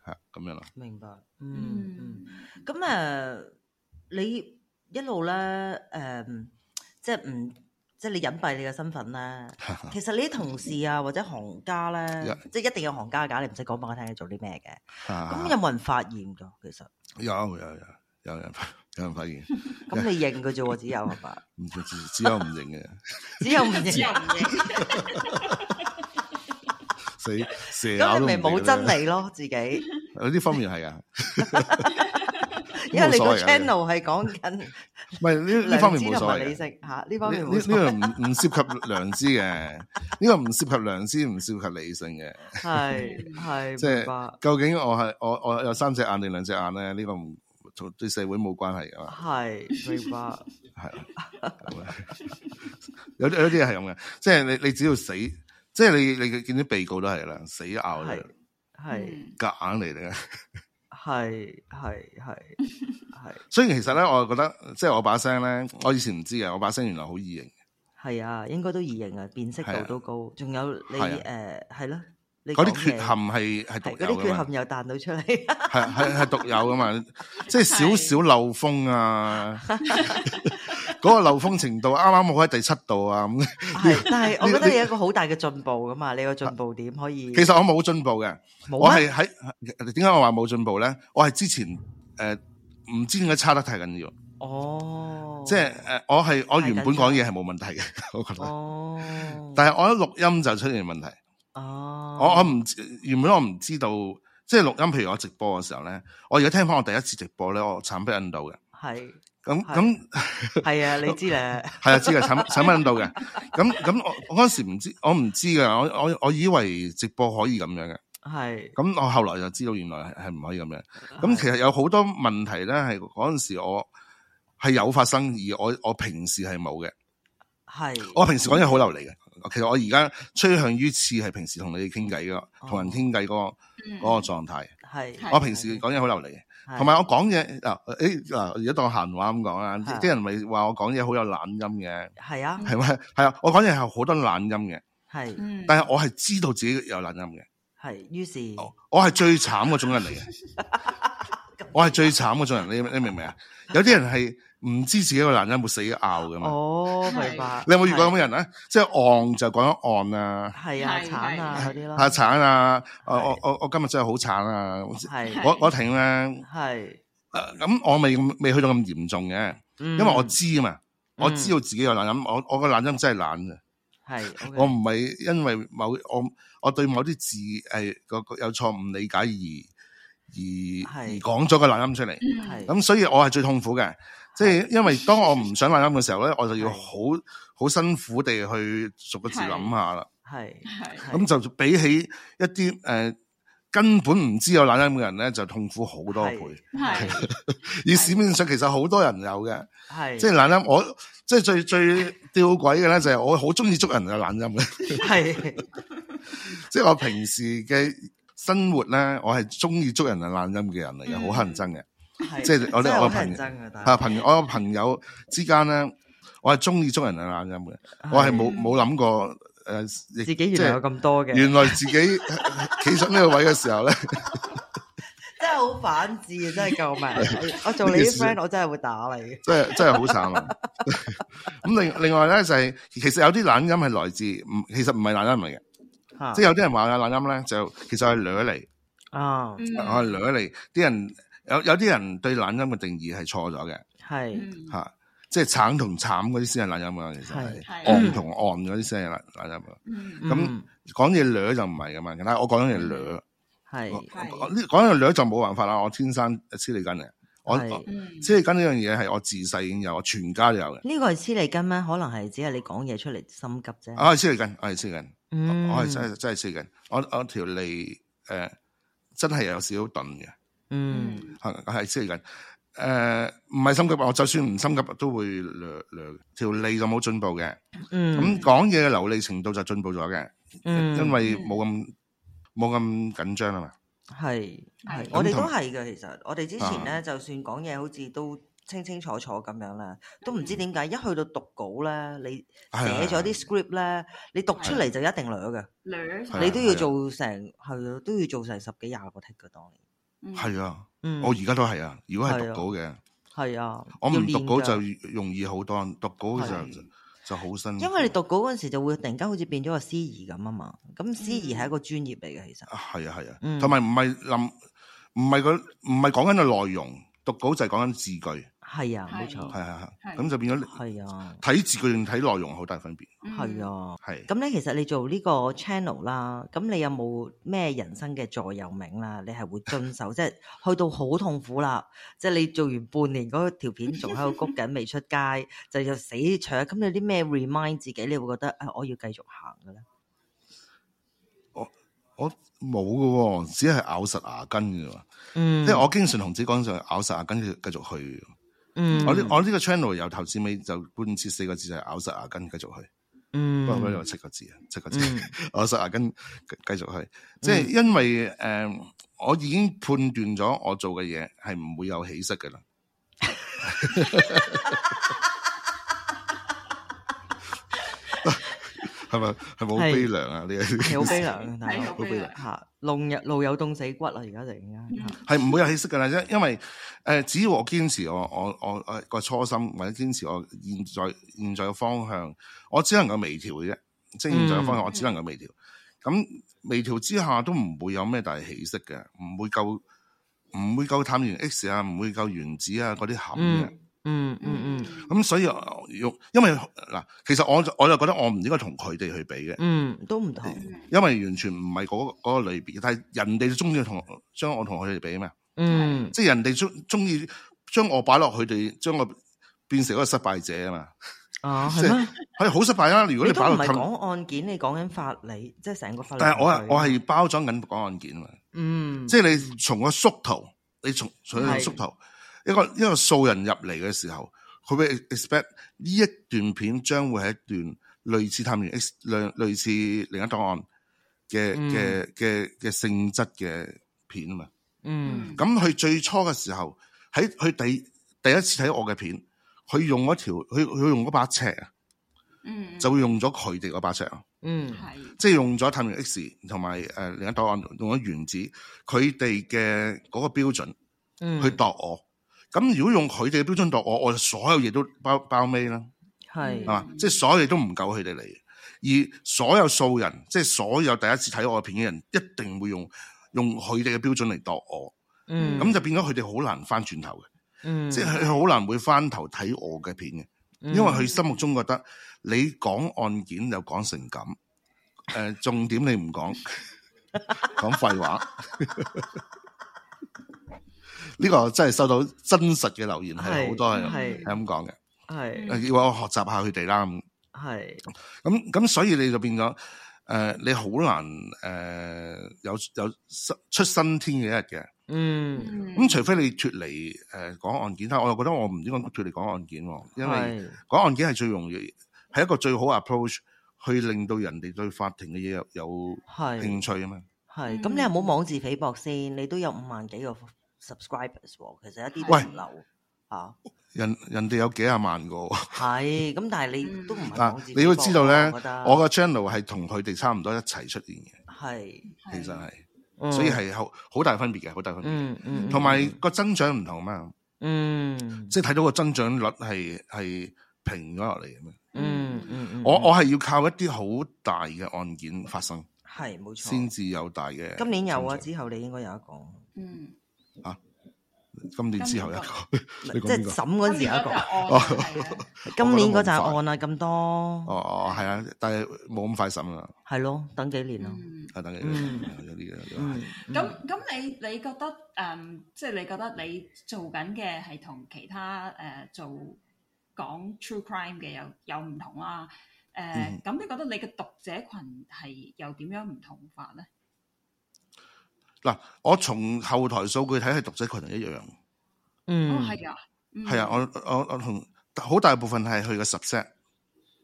吓咁樣咯。Mm hmm. 明白。嗯嗯，咁誒，uh, 你一路咧誒，um, 即係唔。即係你隱蔽你嘅身份啦。其實你啲同事啊或者行家咧， 即係一定要有行家噶，你唔使講俾我聽你做啲咩嘅。咁 有冇人發現噶？其實有有有有有有人發現。咁 你認佢做，喎，只有係嘛？唔，只有唔認嘅， 只有唔認， 只有唔認，死 死。咁你咪冇真理咯，自己有啲方面係啊。 因為你個 channel 係講緊，唔係呢呢方面冇晒理性吓，呢、啊、方面呢呢個唔唔涉及良知嘅，呢個唔涉及良知，唔涉及理性嘅，係 係，即係、 就是、究竟我係我我有三隻眼定兩隻眼咧？呢、這個唔對社會冇關係㗎嘛，係明白，係 有有啲嘢係咁嘅，即、就、係、是、你你只要死，即、就、係、是、你你見啲被告都係啦，死拗嘅，係夾硬嚟來嘅。 係係係係， 所以其實咧，我就覺得即係我把聲咧，我以前唔知嘅，我把聲原來好易認嘅，係啊，應該都易認啊，辨識度都高。仲、啊、有你誒，係咯、啊。呃嗰啲缺陷係係獨有噶嘛？嗰啲缺陷又彈到出嚟，係係係獨有噶嘛？即係少少漏風啊，嗰 個漏風程度啱啱好喺第七度啊咁 但係我覺得有一個好大嘅進步噶嘛？你個進步點可以？其實我冇進步嘅，我係喺點解我話冇進步咧？我係之前誒、呃、唔知點解差得太緊要。哦，即係誒、呃，我係我原本講嘢係冇問題嘅，我覺得。哦，但係我一錄音就出現問題。哦、oh，我我唔知原本我唔知道，即係錄音。譬如我直播嘅時候咧，我而家聽翻我第一次直播咧，我慘不忍睹嘅。係咁咁，係啊，你知啦。係 啊，不忍 不知嘅慘慘不忍睹嘅。咁咁，我我嗰時唔知，我唔知嘅。我我我以為直播可以咁樣嘅。係是。咁我後來就知道原來係唔可以咁樣。咁是其實有好多問題咧，係嗰陣時我係有發生而我我平時係冇嘅。係。我平時講嘢好流利嘅。其實我而家趨向於似係平時同你哋傾偈㗎，同人傾偈嗰個嗰個狀態。係我平時講嘢好流利，同埋我講嘢嗱誒嗱，而家當閒話咁講啦，啲人咪話我講嘢好有懶音嘅。係啊，係咪係啊？我講嘢係好多懶音嘅。係，但係我係知道自己有懶音嘅。係，於是我係最慘嗰種人嚟嘅。我係最慘嗰種人，你你明唔明啊？有啲人係。唔知自己個懶音會死拗嘅嘛？哦，明白。你有冇遇過咁嘅人咧？即係按就講咗按啊，係啊，慘啊嗰啲咯，啊慘啊！我我我我今日真係好慘啊！我我停咧，係。咁我未未去到咁嚴重嘅，因為我知啊嘛，我知道自己個懶音，我我個懶音真係懶嘅。係，我唔係因為某我我對某啲字誒個有錯誤理解而而而講咗個懶音出嚟。係，咁所以我係最痛苦嘅。即係，因為當我唔想懶音嘅時候咧，我就要好好是的 辛苦地去逐個字諗下啦。係，咁就比起一啲誒、呃、根本唔知有懶音嘅人咧，就痛苦好多倍。係的，而市面上其實好多人有嘅。係的，即係懶音，我即係最最吊詭嘅咧，就係我好中意捉人嘅懶音嘅。係，即係我平時嘅生活咧，我係中意捉人嘅懶音嘅人嚟嘅，好乞人憎嘅。嗯即係我咧，我個朋友係朋我個朋友之間咧，我係中意捉人嘅懶音嘅，我係冇冇諗過誒，自己原來有咁多嘅，原來自己企身呢個位嘅時候咧，真係好反智，真係救命。我做你啲 friend，我真係會打你，真係真係好慘啊。咁另另外咧就係，其實有啲懶音係來自唔，其實唔係懶音嚟嘅，即係有啲人話有懶音咧，就其實係掠嚟啊，我係掠嚟，啲人。有有啲人對懶音嘅定義係錯咗嘅，係吓，即係橙同慘嗰啲先係懶音啊！其實係昂同昂嗰啲先係懶音。咁講嘢捋就唔係咁樣嘅，但係我講嘢，捋，係呢講嘢捋就冇辦法啦！我天生黐脷根嘅，我黐脷根呢樣嘢係我自細已經有，我全家都有嘅。呢個係黐脷根咩？可能係只係你講嘢出嚟心急啫。啊，黐脷根，我係黐脷根，我係真係真係黐脷根，我我條脷誒，真係有少少鈍嘅。嗯，係係即係誒，唔係心急，我就算唔心急都會略略條脷就冇進步嘅。嗯，咁講嘢嘅流利程度就進步咗嘅。嗯，因為冇咁冇咁緊張啊嘛。係係，我哋都係嘅。其實我哋之前咧，就算講嘢好似都清清楚楚咁樣啦，都唔知點解一去到讀稿咧，你寫咗啲 script 咧，你讀出嚟，就一定略嘅略。你都要做成係都要做成十幾廿個 tick 嘅當年。係啊，嗯、我而家都係啊。如果係讀稿嘅，係啊，啊我唔讀稿就容易好多，讀稿就、啊、就好辛苦。因為你讀稿嗰陣時就會突然間好似變咗個司儀咁啊嘛，咁司儀係一個專業嚟嘅，其實係啊係啊，同埋唔係諗，唔係個唔係講緊個內容，讀稿就係講緊字句。係啊，冇沒錯，係啊，咁、啊啊、就變咗啊，睇字句定睇內容，好大分別。係啊，係咁咧，其實你做呢個 channel 啦，咁你有冇咩人生嘅座右銘啦？你係會遵守， 即係去到好痛苦啦，即係你做完半年嗰條片仲喺度谷緊，未出街 就又死闌。咁你啲咩 remind 自己？你會覺得啊、哎，我要繼續行嘅咧。我我冇嘅喎，只係咬實牙根嘅喎。嗯，即係我經常同自己講就咬實牙根，繼續去。嗯，我呢我呢個 channel 由頭至尾就貫徹四個字，就係咬實牙根繼續去，嗯，不過呢度有七個字啊，七個字，嗯、咬實牙根繼續去，即係因為誒、嗯呃，我已經判斷咗我做嘅嘢係唔會有起色噶啦。係咪係咪好悲涼啊？呢啲好悲涼啊！係啊， 好悲涼。嚇， 路有凍死骨啦、啊！而家就而家嚇，係、嗯、唔會有起色噶啦，因因為誒、呃，只要我堅持我我我我個初心，或者堅持我現在現在嘅方向，我只能夠微調嘅啫。即係、嗯、現在嘅方向，我只能夠微調。咁、嗯、微調之下都唔會有咩大起色嘅，唔會夠，唔會夠探完 X 啊，唔會夠原子啊嗰啲含嘅。嗯嗯嗯，咁、嗯嗯、所以因為嗱，其實我我就覺得我唔應該同佢哋去比嘅。嗯，都唔同，因為完全唔係嗰個嗰、嗰個類別。但係人哋中意同將我同佢哋比啊嘛。嗯，即係人哋中中意將我擺落佢哋，將我變成一個失敗者啊嘛。啊，係咩？係好失敗啊！如果你擺唔係講案件，你講緊法理，即係成個法理。但係我係我係包裝緊講案件啊嘛。嗯，即係你從個縮圖，你從從個縮圖。一個一個素人入嚟嘅時候，佢會 expect 呢一段片將會係一段類似探員 X 類類似另一檔案嘅嘅嘅嘅性質嘅片啊嘛。嗯，咁佢、嗯、最初嘅時候喺佢第第一次睇我嘅片，佢用嗰條佢佢用嗰把尺啊，尺嗯，就會用咗佢哋嗰把尺啊，嗯，係，即係用咗探員 X 同埋誒另一檔案用咗原子佢哋嘅嗰個標準，嗯、去度我。咁如果用佢哋嘅標準度我，我所有嘢都包包尾啦，係啊是，即係所有嘢都唔夠佢哋嚟。而所有素人，即係所有第一次睇我嘅片嘅人，一定會用用佢哋嘅標準嚟度我。嗯，咁就變咗佢哋好難翻轉頭嘅。嗯，即係佢好難會翻頭睇我嘅片嘅，因為佢心目中覺得你講案件又講成咁，誒，重點你唔講， 講廢話。 呢個真係收到真實嘅留言係好是多人係係咁講嘅係，是要我學習下佢哋啦。咁係咁咁，所以你就變咗誒、呃，你好難誒、呃、有有出新天嘅一日嘅。嗯，咁、嗯、除非你脱離誒講案件啦。我又覺得我唔應該脱離講案件喎，因為講案件係最容易係是一個最好 approach 去令到人哋對法庭嘅嘢有有興趣啊嘛。係咁，你又唔好妄自菲薄先，你都有五萬幾個。subscribers 其實一啲都唔留，吓人，人哋有幾廿萬個係咁，但係你都唔係。你都知道咧，我個 channel 係同佢哋差唔多一齊出現嘅，係其實係，所以係好好大分別嘅，好大分別。嗯嗯，同埋個增長唔同嘛，嗯，即係睇到個增長率係係平咗落嚟嘅，咩？嗯嗯。我我係要靠一啲好大嘅案件發生，係冇錯，先至有大嘅。今年有啊，之後你應該有一個，嗯。啊！今年之後一個，即係審嗰時一個。今年嗰陣案啊，咁多。哦哦，係啊，但係冇咁快審啊。係咯，等幾年咯。係等幾年，有啲嘅。咁咁，你你覺得誒，即係你覺得你做緊嘅係同其他誒做講 true crime 嘅有有唔同啦？誒，咁你覺得你嘅讀者群係又點樣唔同法咧？嗱，我從後台數據睇，係讀者群係一樣。嗯，係啊、哦，係啊、嗯。我我我同好大部分係佢嘅十 set，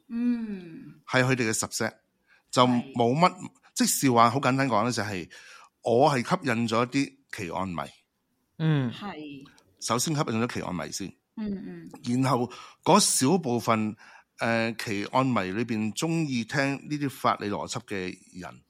嗯，係佢哋嘅十 set，就冇乜。是即是話好簡單講咧，就係、是、我係吸引咗一啲奇案迷。嗯，係、嗯。首先吸引咗奇案迷先。嗯嗯。嗯，然後嗰小部分誒、呃、奇案迷裏邊中意聽呢啲法理邏輯嘅人，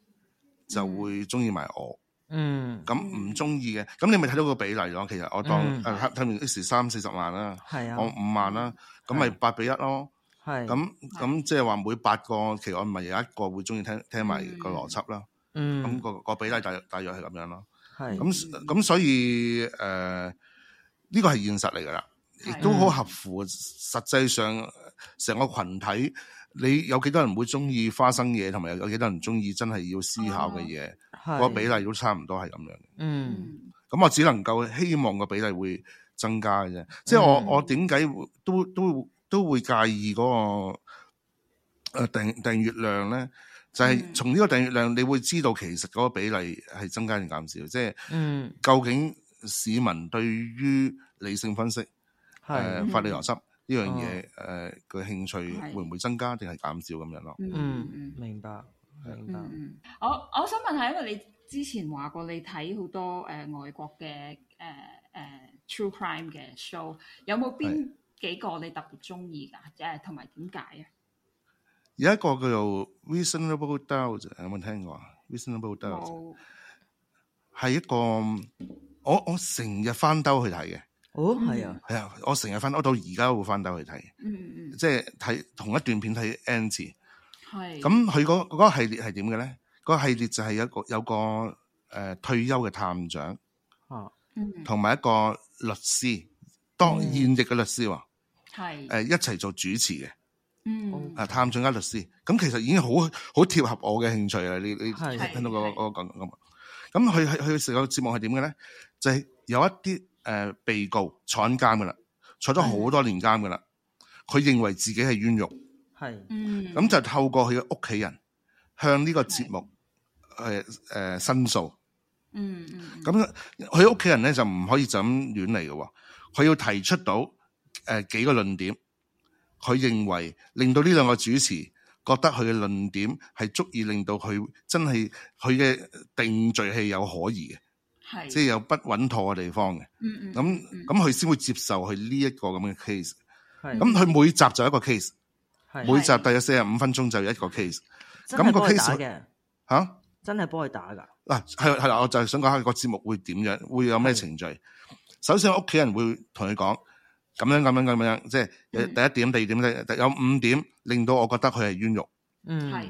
就會中意埋我。嗯嗯，咁唔中意嘅，咁你咪睇到個比例咯。其實我當誒睇睇完 X 三四十萬啦，係啊，我五萬啦，咁咪八比一咯。係是，咁咁即係話每八個，其實我唔係有一個會中意聽聽埋個邏輯啦。嗯，咁個個比例大約大約係咁樣咯。係是，咁咁所以誒呢、呃這個係現實嚟噶啦，亦都好合乎、啊、實際上成個群體，你有幾多人會中意花生嘢，同埋有有幾多人中意真係要思考嘅嘢。個比例都差唔多係咁樣嘅，嗯，咁我只能夠希望個比例會增加嘅啫。即係我、嗯、我點解都都都會介意嗰、嗰個誒、呃、訂訂閱量呢？就係從呢個訂閱量，你會知道其實嗰個比例係增加定減少。即係，嗯，究竟市民對於理性分析誒是、呃、法律邏輯呢樣嘢誒個興趣會唔會增加定係減少咁樣咯？嗯，明白。嗯，我我想問下，因為你之前話過你睇好多誒、呃、外國嘅誒誒 true crime 嘅 show，有冇邊幾個你特別中意㗎？誒同埋點解啊？有，有一個叫做 Reasonable Doubt，有冇聽過？Reasonable Doubt 係、哦、一個我我成日翻兜去睇嘅。哦，係啊，係啊，我成日翻兜，到而家會翻兜去睇。嗯嗯，即係睇同一段片睇 N 次。係咁，佢嗰、嗯、個系列係點嘅咧？個系列就係有個有個誒、呃、退休嘅探長，哦、啊，同埋一個律師，嗯、當現役嘅律師喎，係誒、嗯呃、一齊做主持嘅，嗯，啊探長加律師，咁其實已經好好貼合我嘅興趣啦。你你聽到、嗰個個講咁咁佢佢成個節目係點嘅咧？就係、是、有一啲誒、呃、被告坐緊監噶啦，坐咗好多年監噶啦，佢是認為自己係冤獄。係，咁是、嗯、就透過佢嘅屋企人向呢個節目去誒是、呃、申訴、嗯。嗯，咁佢屋企人咧就唔可以就咁亂嚟嘅，佢要提出到誒、呃、幾個論點，佢認為令到呢兩個主持覺得佢嘅論點係足以令到佢真係佢嘅定罪係有可疑嘅，係即係有不穩妥嘅地方嘅、嗯。嗯嗯，咁咁佢先會接受佢呢一個咁嘅 case。係是，咁佢每集就一個 case。每集大約四十五分鐘就有一個 case，咁個 case 吓，真係幫佢打㗎。嗱，係係啦，我就係想講下個節目會點樣，會有咩程序。的首先，屋企人會同佢講咁樣咁樣咁樣，即係第一點、第二點，第、嗯、有五點令到我覺得佢係冤獄。嗯，係。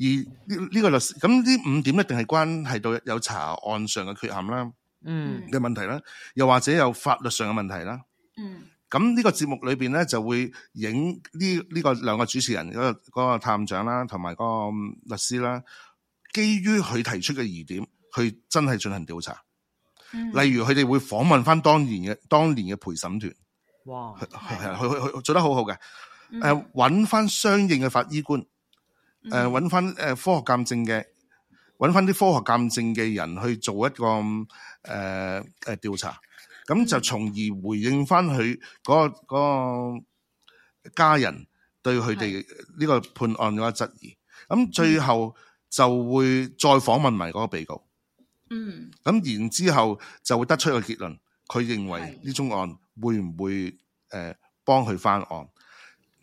而呢呢個律師咁呢五點一定係關係到有查案上嘅缺陷啦，嗯嘅問題啦，又、嗯、或者有法律上嘅問題啦。嗯。咁呢個節目裏邊咧，就會影呢呢、這個兩個主持人嗰個、那個探長啦，同埋嗰個、嗯、律師啦，基於佢提出嘅疑點，去真係進行調查。嗯、例如佢哋會訪問翻當年嘅當年嘅陪審團，哇，係係係做得好好嘅。誒、嗯，揾翻相應嘅法醫官，誒、呃，揾翻誒科學鑑證嘅，揾翻啲科學鑑證嘅人去做一個誒誒調查。咁、嗯、就從而回應翻佢嗰個家人對佢哋呢個判案嗰個質疑。咁的最後就會再訪問埋嗰個被告。嗯。咁然之後，後就會得出個結論，佢認為呢宗的案會唔會誒、呃、幫佢翻案？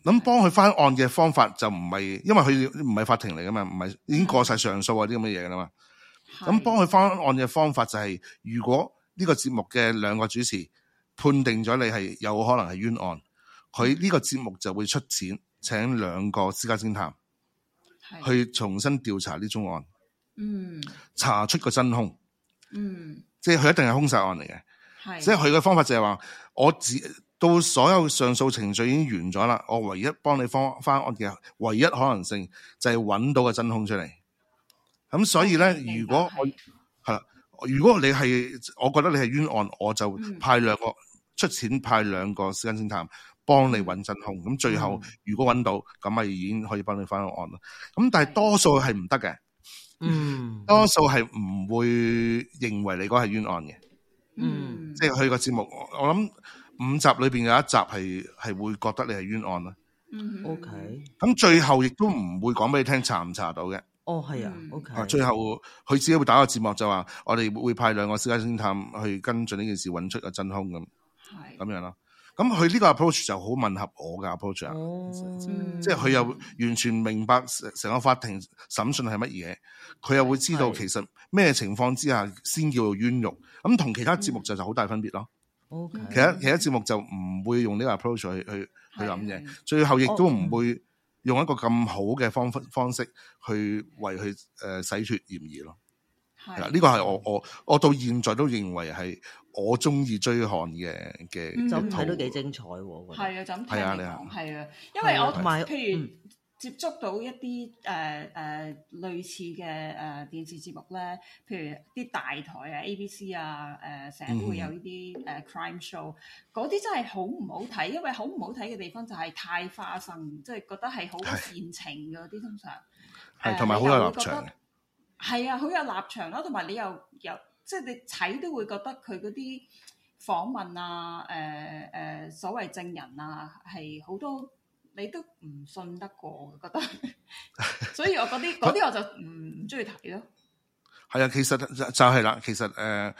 咁的幫佢翻案嘅方法就唔係，因為佢唔係法庭嚟噶嘛，唔係已經過晒上訴啊啲咁嘅嘢啦嘛。咁的、嗯、幫佢翻案嘅方法就係、是、如果。呢個節目嘅兩個主持判定咗你係有可能係冤案，佢呢個節目就會出錢請兩個私家偵探的去重新調查呢宗案，嗯，查出個真兇，嗯，即係佢一定係兇殺案嚟嘅，的即係佢嘅方法就係話，我至到所有上訴程序已經完咗啦，我唯一幫你方翻案嘅唯一可能性就係揾到個真兇出嚟，咁所以呢，嗯，如果我係。如果你係，我覺得你係冤案，我就派兩個、嗯、出錢派兩個私家偵探幫你揾真兇。咁最後、嗯、如果揾到，咁咪已經可以幫你翻案啦。咁但係多數係唔得嘅，嗯，多數係唔會認為你嗰係冤案嘅，嗯，即係佢個節目，我諗五集裏邊有一集係係會覺得你係冤案啦。OK，咁最後亦都唔會講俾你聽查唔查到嘅。哦，係啊，OK。最後佢自己會打個字幕，就話：我哋會派兩個私家偵探去跟進呢件事，揾出真兇是個真相咁，咁樣咯。咁佢呢個 approach 就好吻合我嘅 approach，、哦、即係佢又完全明白成個法庭審訊係乜嘢，佢又會知道其實咩情況之下先叫做冤獄。咁同其他節目就就好大分別咯、嗯。OK。其他其他節目就唔會用呢個 approach 去去去諗嘢，的的最後亦都唔會、哦。嗯用一個咁好嘅方方方式去為佢誒、呃、洗脫嫌疑咯。係啦的，呢個係我我我到現在都認為係我中意追韓嘅嘅。就睇到幾精彩喎。係啊，就咁聽講。係啊，因為我同埋譬如。嗯接觸到一啲誒誒類似嘅誒電視節目咧，譬如啲大台啊 ABC 啊，誒成日會有呢啲誒 crime show，嗰啲、嗯、真係好唔好睇，因為好唔好睇嘅地方就係太花心，即係覺得係好煽情嗰啲是通常。係同埋好有立場。係啊，好有立場咯，同埋你又有，即係你睇都會覺得佢嗰啲訪問啊，誒、呃、誒、呃、所謂證人啊，係好多。你都唔信得過，我覺得，所以我嗰啲啲我就唔唔中意睇咯。係啊，其實就係啦，其實誒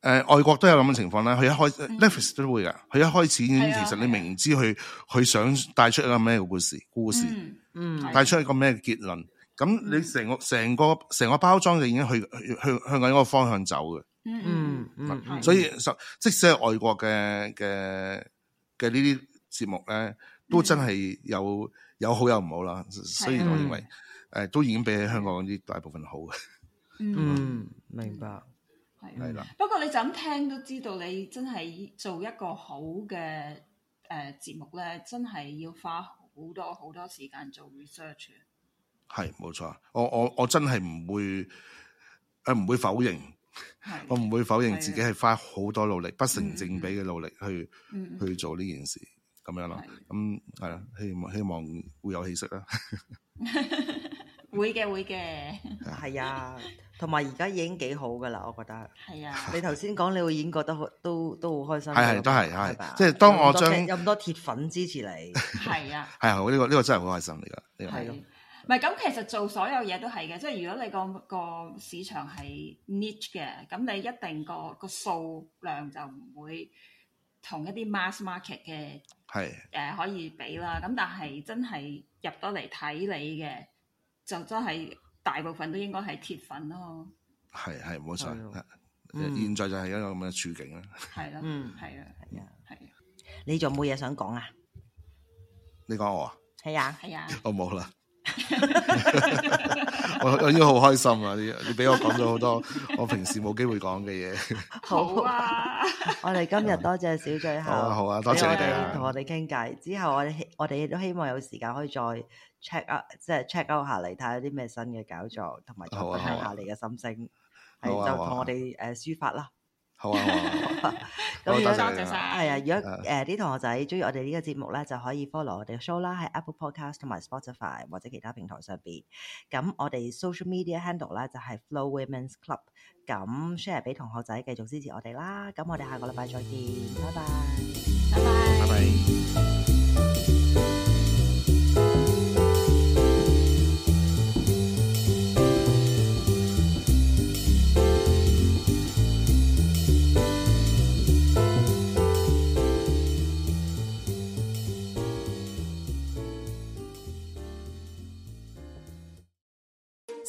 誒，外國都有咁嘅情況啦。佢一開 Netflix 都會噶，佢一開始其實你明知佢佢想帶出一個咩嘅故事，故事，嗯，帶出一個咩結論。咁你成個成個成個包裝就已經去向向向緊一個方向走嘅。嗯嗯所以，即使係外國嘅嘅嘅呢啲節目咧。都真係有有好有唔好啦，所以我認為，誒都已經比起香港啲大部分好嘅。嗯，明白，係。係啦。不過你就咁聽都知道，你真係做一個好嘅誒節目咧，真係要花好多好多時間做 research。係，冇錯。我我我真係唔會，誒唔會否認，我唔會否認自己係花好多努力，不成正比嘅努力去去做呢件事。咁樣咯，咁係啦，希望希望會有起色啦。會嘅，會嘅，係啊，同埋而家已經幾好噶啦我覺得。係啊，你頭先講你會已經覺得好，都都好開心。係係都係，係即係當我將有咁多鐵粉支持你，係啊，係啊，我呢個呢個真係好開心嚟噶呢個係。唔係，咁其實做所有嘢都係嘅，即係如果你講個市場係 niche 嘅，咁你一定個個數量就唔會。同一啲 mass market 嘅，誒、呃、可以俾啦，咁但係真係入到嚟睇你嘅，就真係大部分都應該係鐵粉咯。係係冇錯，現在就係一個咁嘅處境啦。係咯，嗯，係啊，係啊，係啊，你仲冇嘢想講啊？你講我啊？係啊，係啊。我冇啦。 我我已經好開心啊！你你俾我講咗好多我平時冇機會講嘅嘢。好啊！ 我哋今日多謝小醉俠，好啊，好啊多謝你同、啊、我哋傾偈。之後我哋我哋亦都希望有時間可以再 check out，即係 check out 下嚟，睇下啲咩新嘅搞作，同埋聽聽下你嘅心聲，係、啊啊、就同我哋誒抒發啦。好啊，好啊！咁 果多謝晒！係啊，如果誒啲、uh，呃、同學仔中意我哋呢個節目咧，就可以 follow 我哋嘅 show 啦，喺 Apple Podcast 同埋 Spotify 或者其他平台上邊。咁我哋 social media handle 咧就係、是、Flo Women's Club。咁 share 俾同學仔繼續支持我哋啦。咁我哋下個禮拜再見。拜，拜拜 bye，拜拜。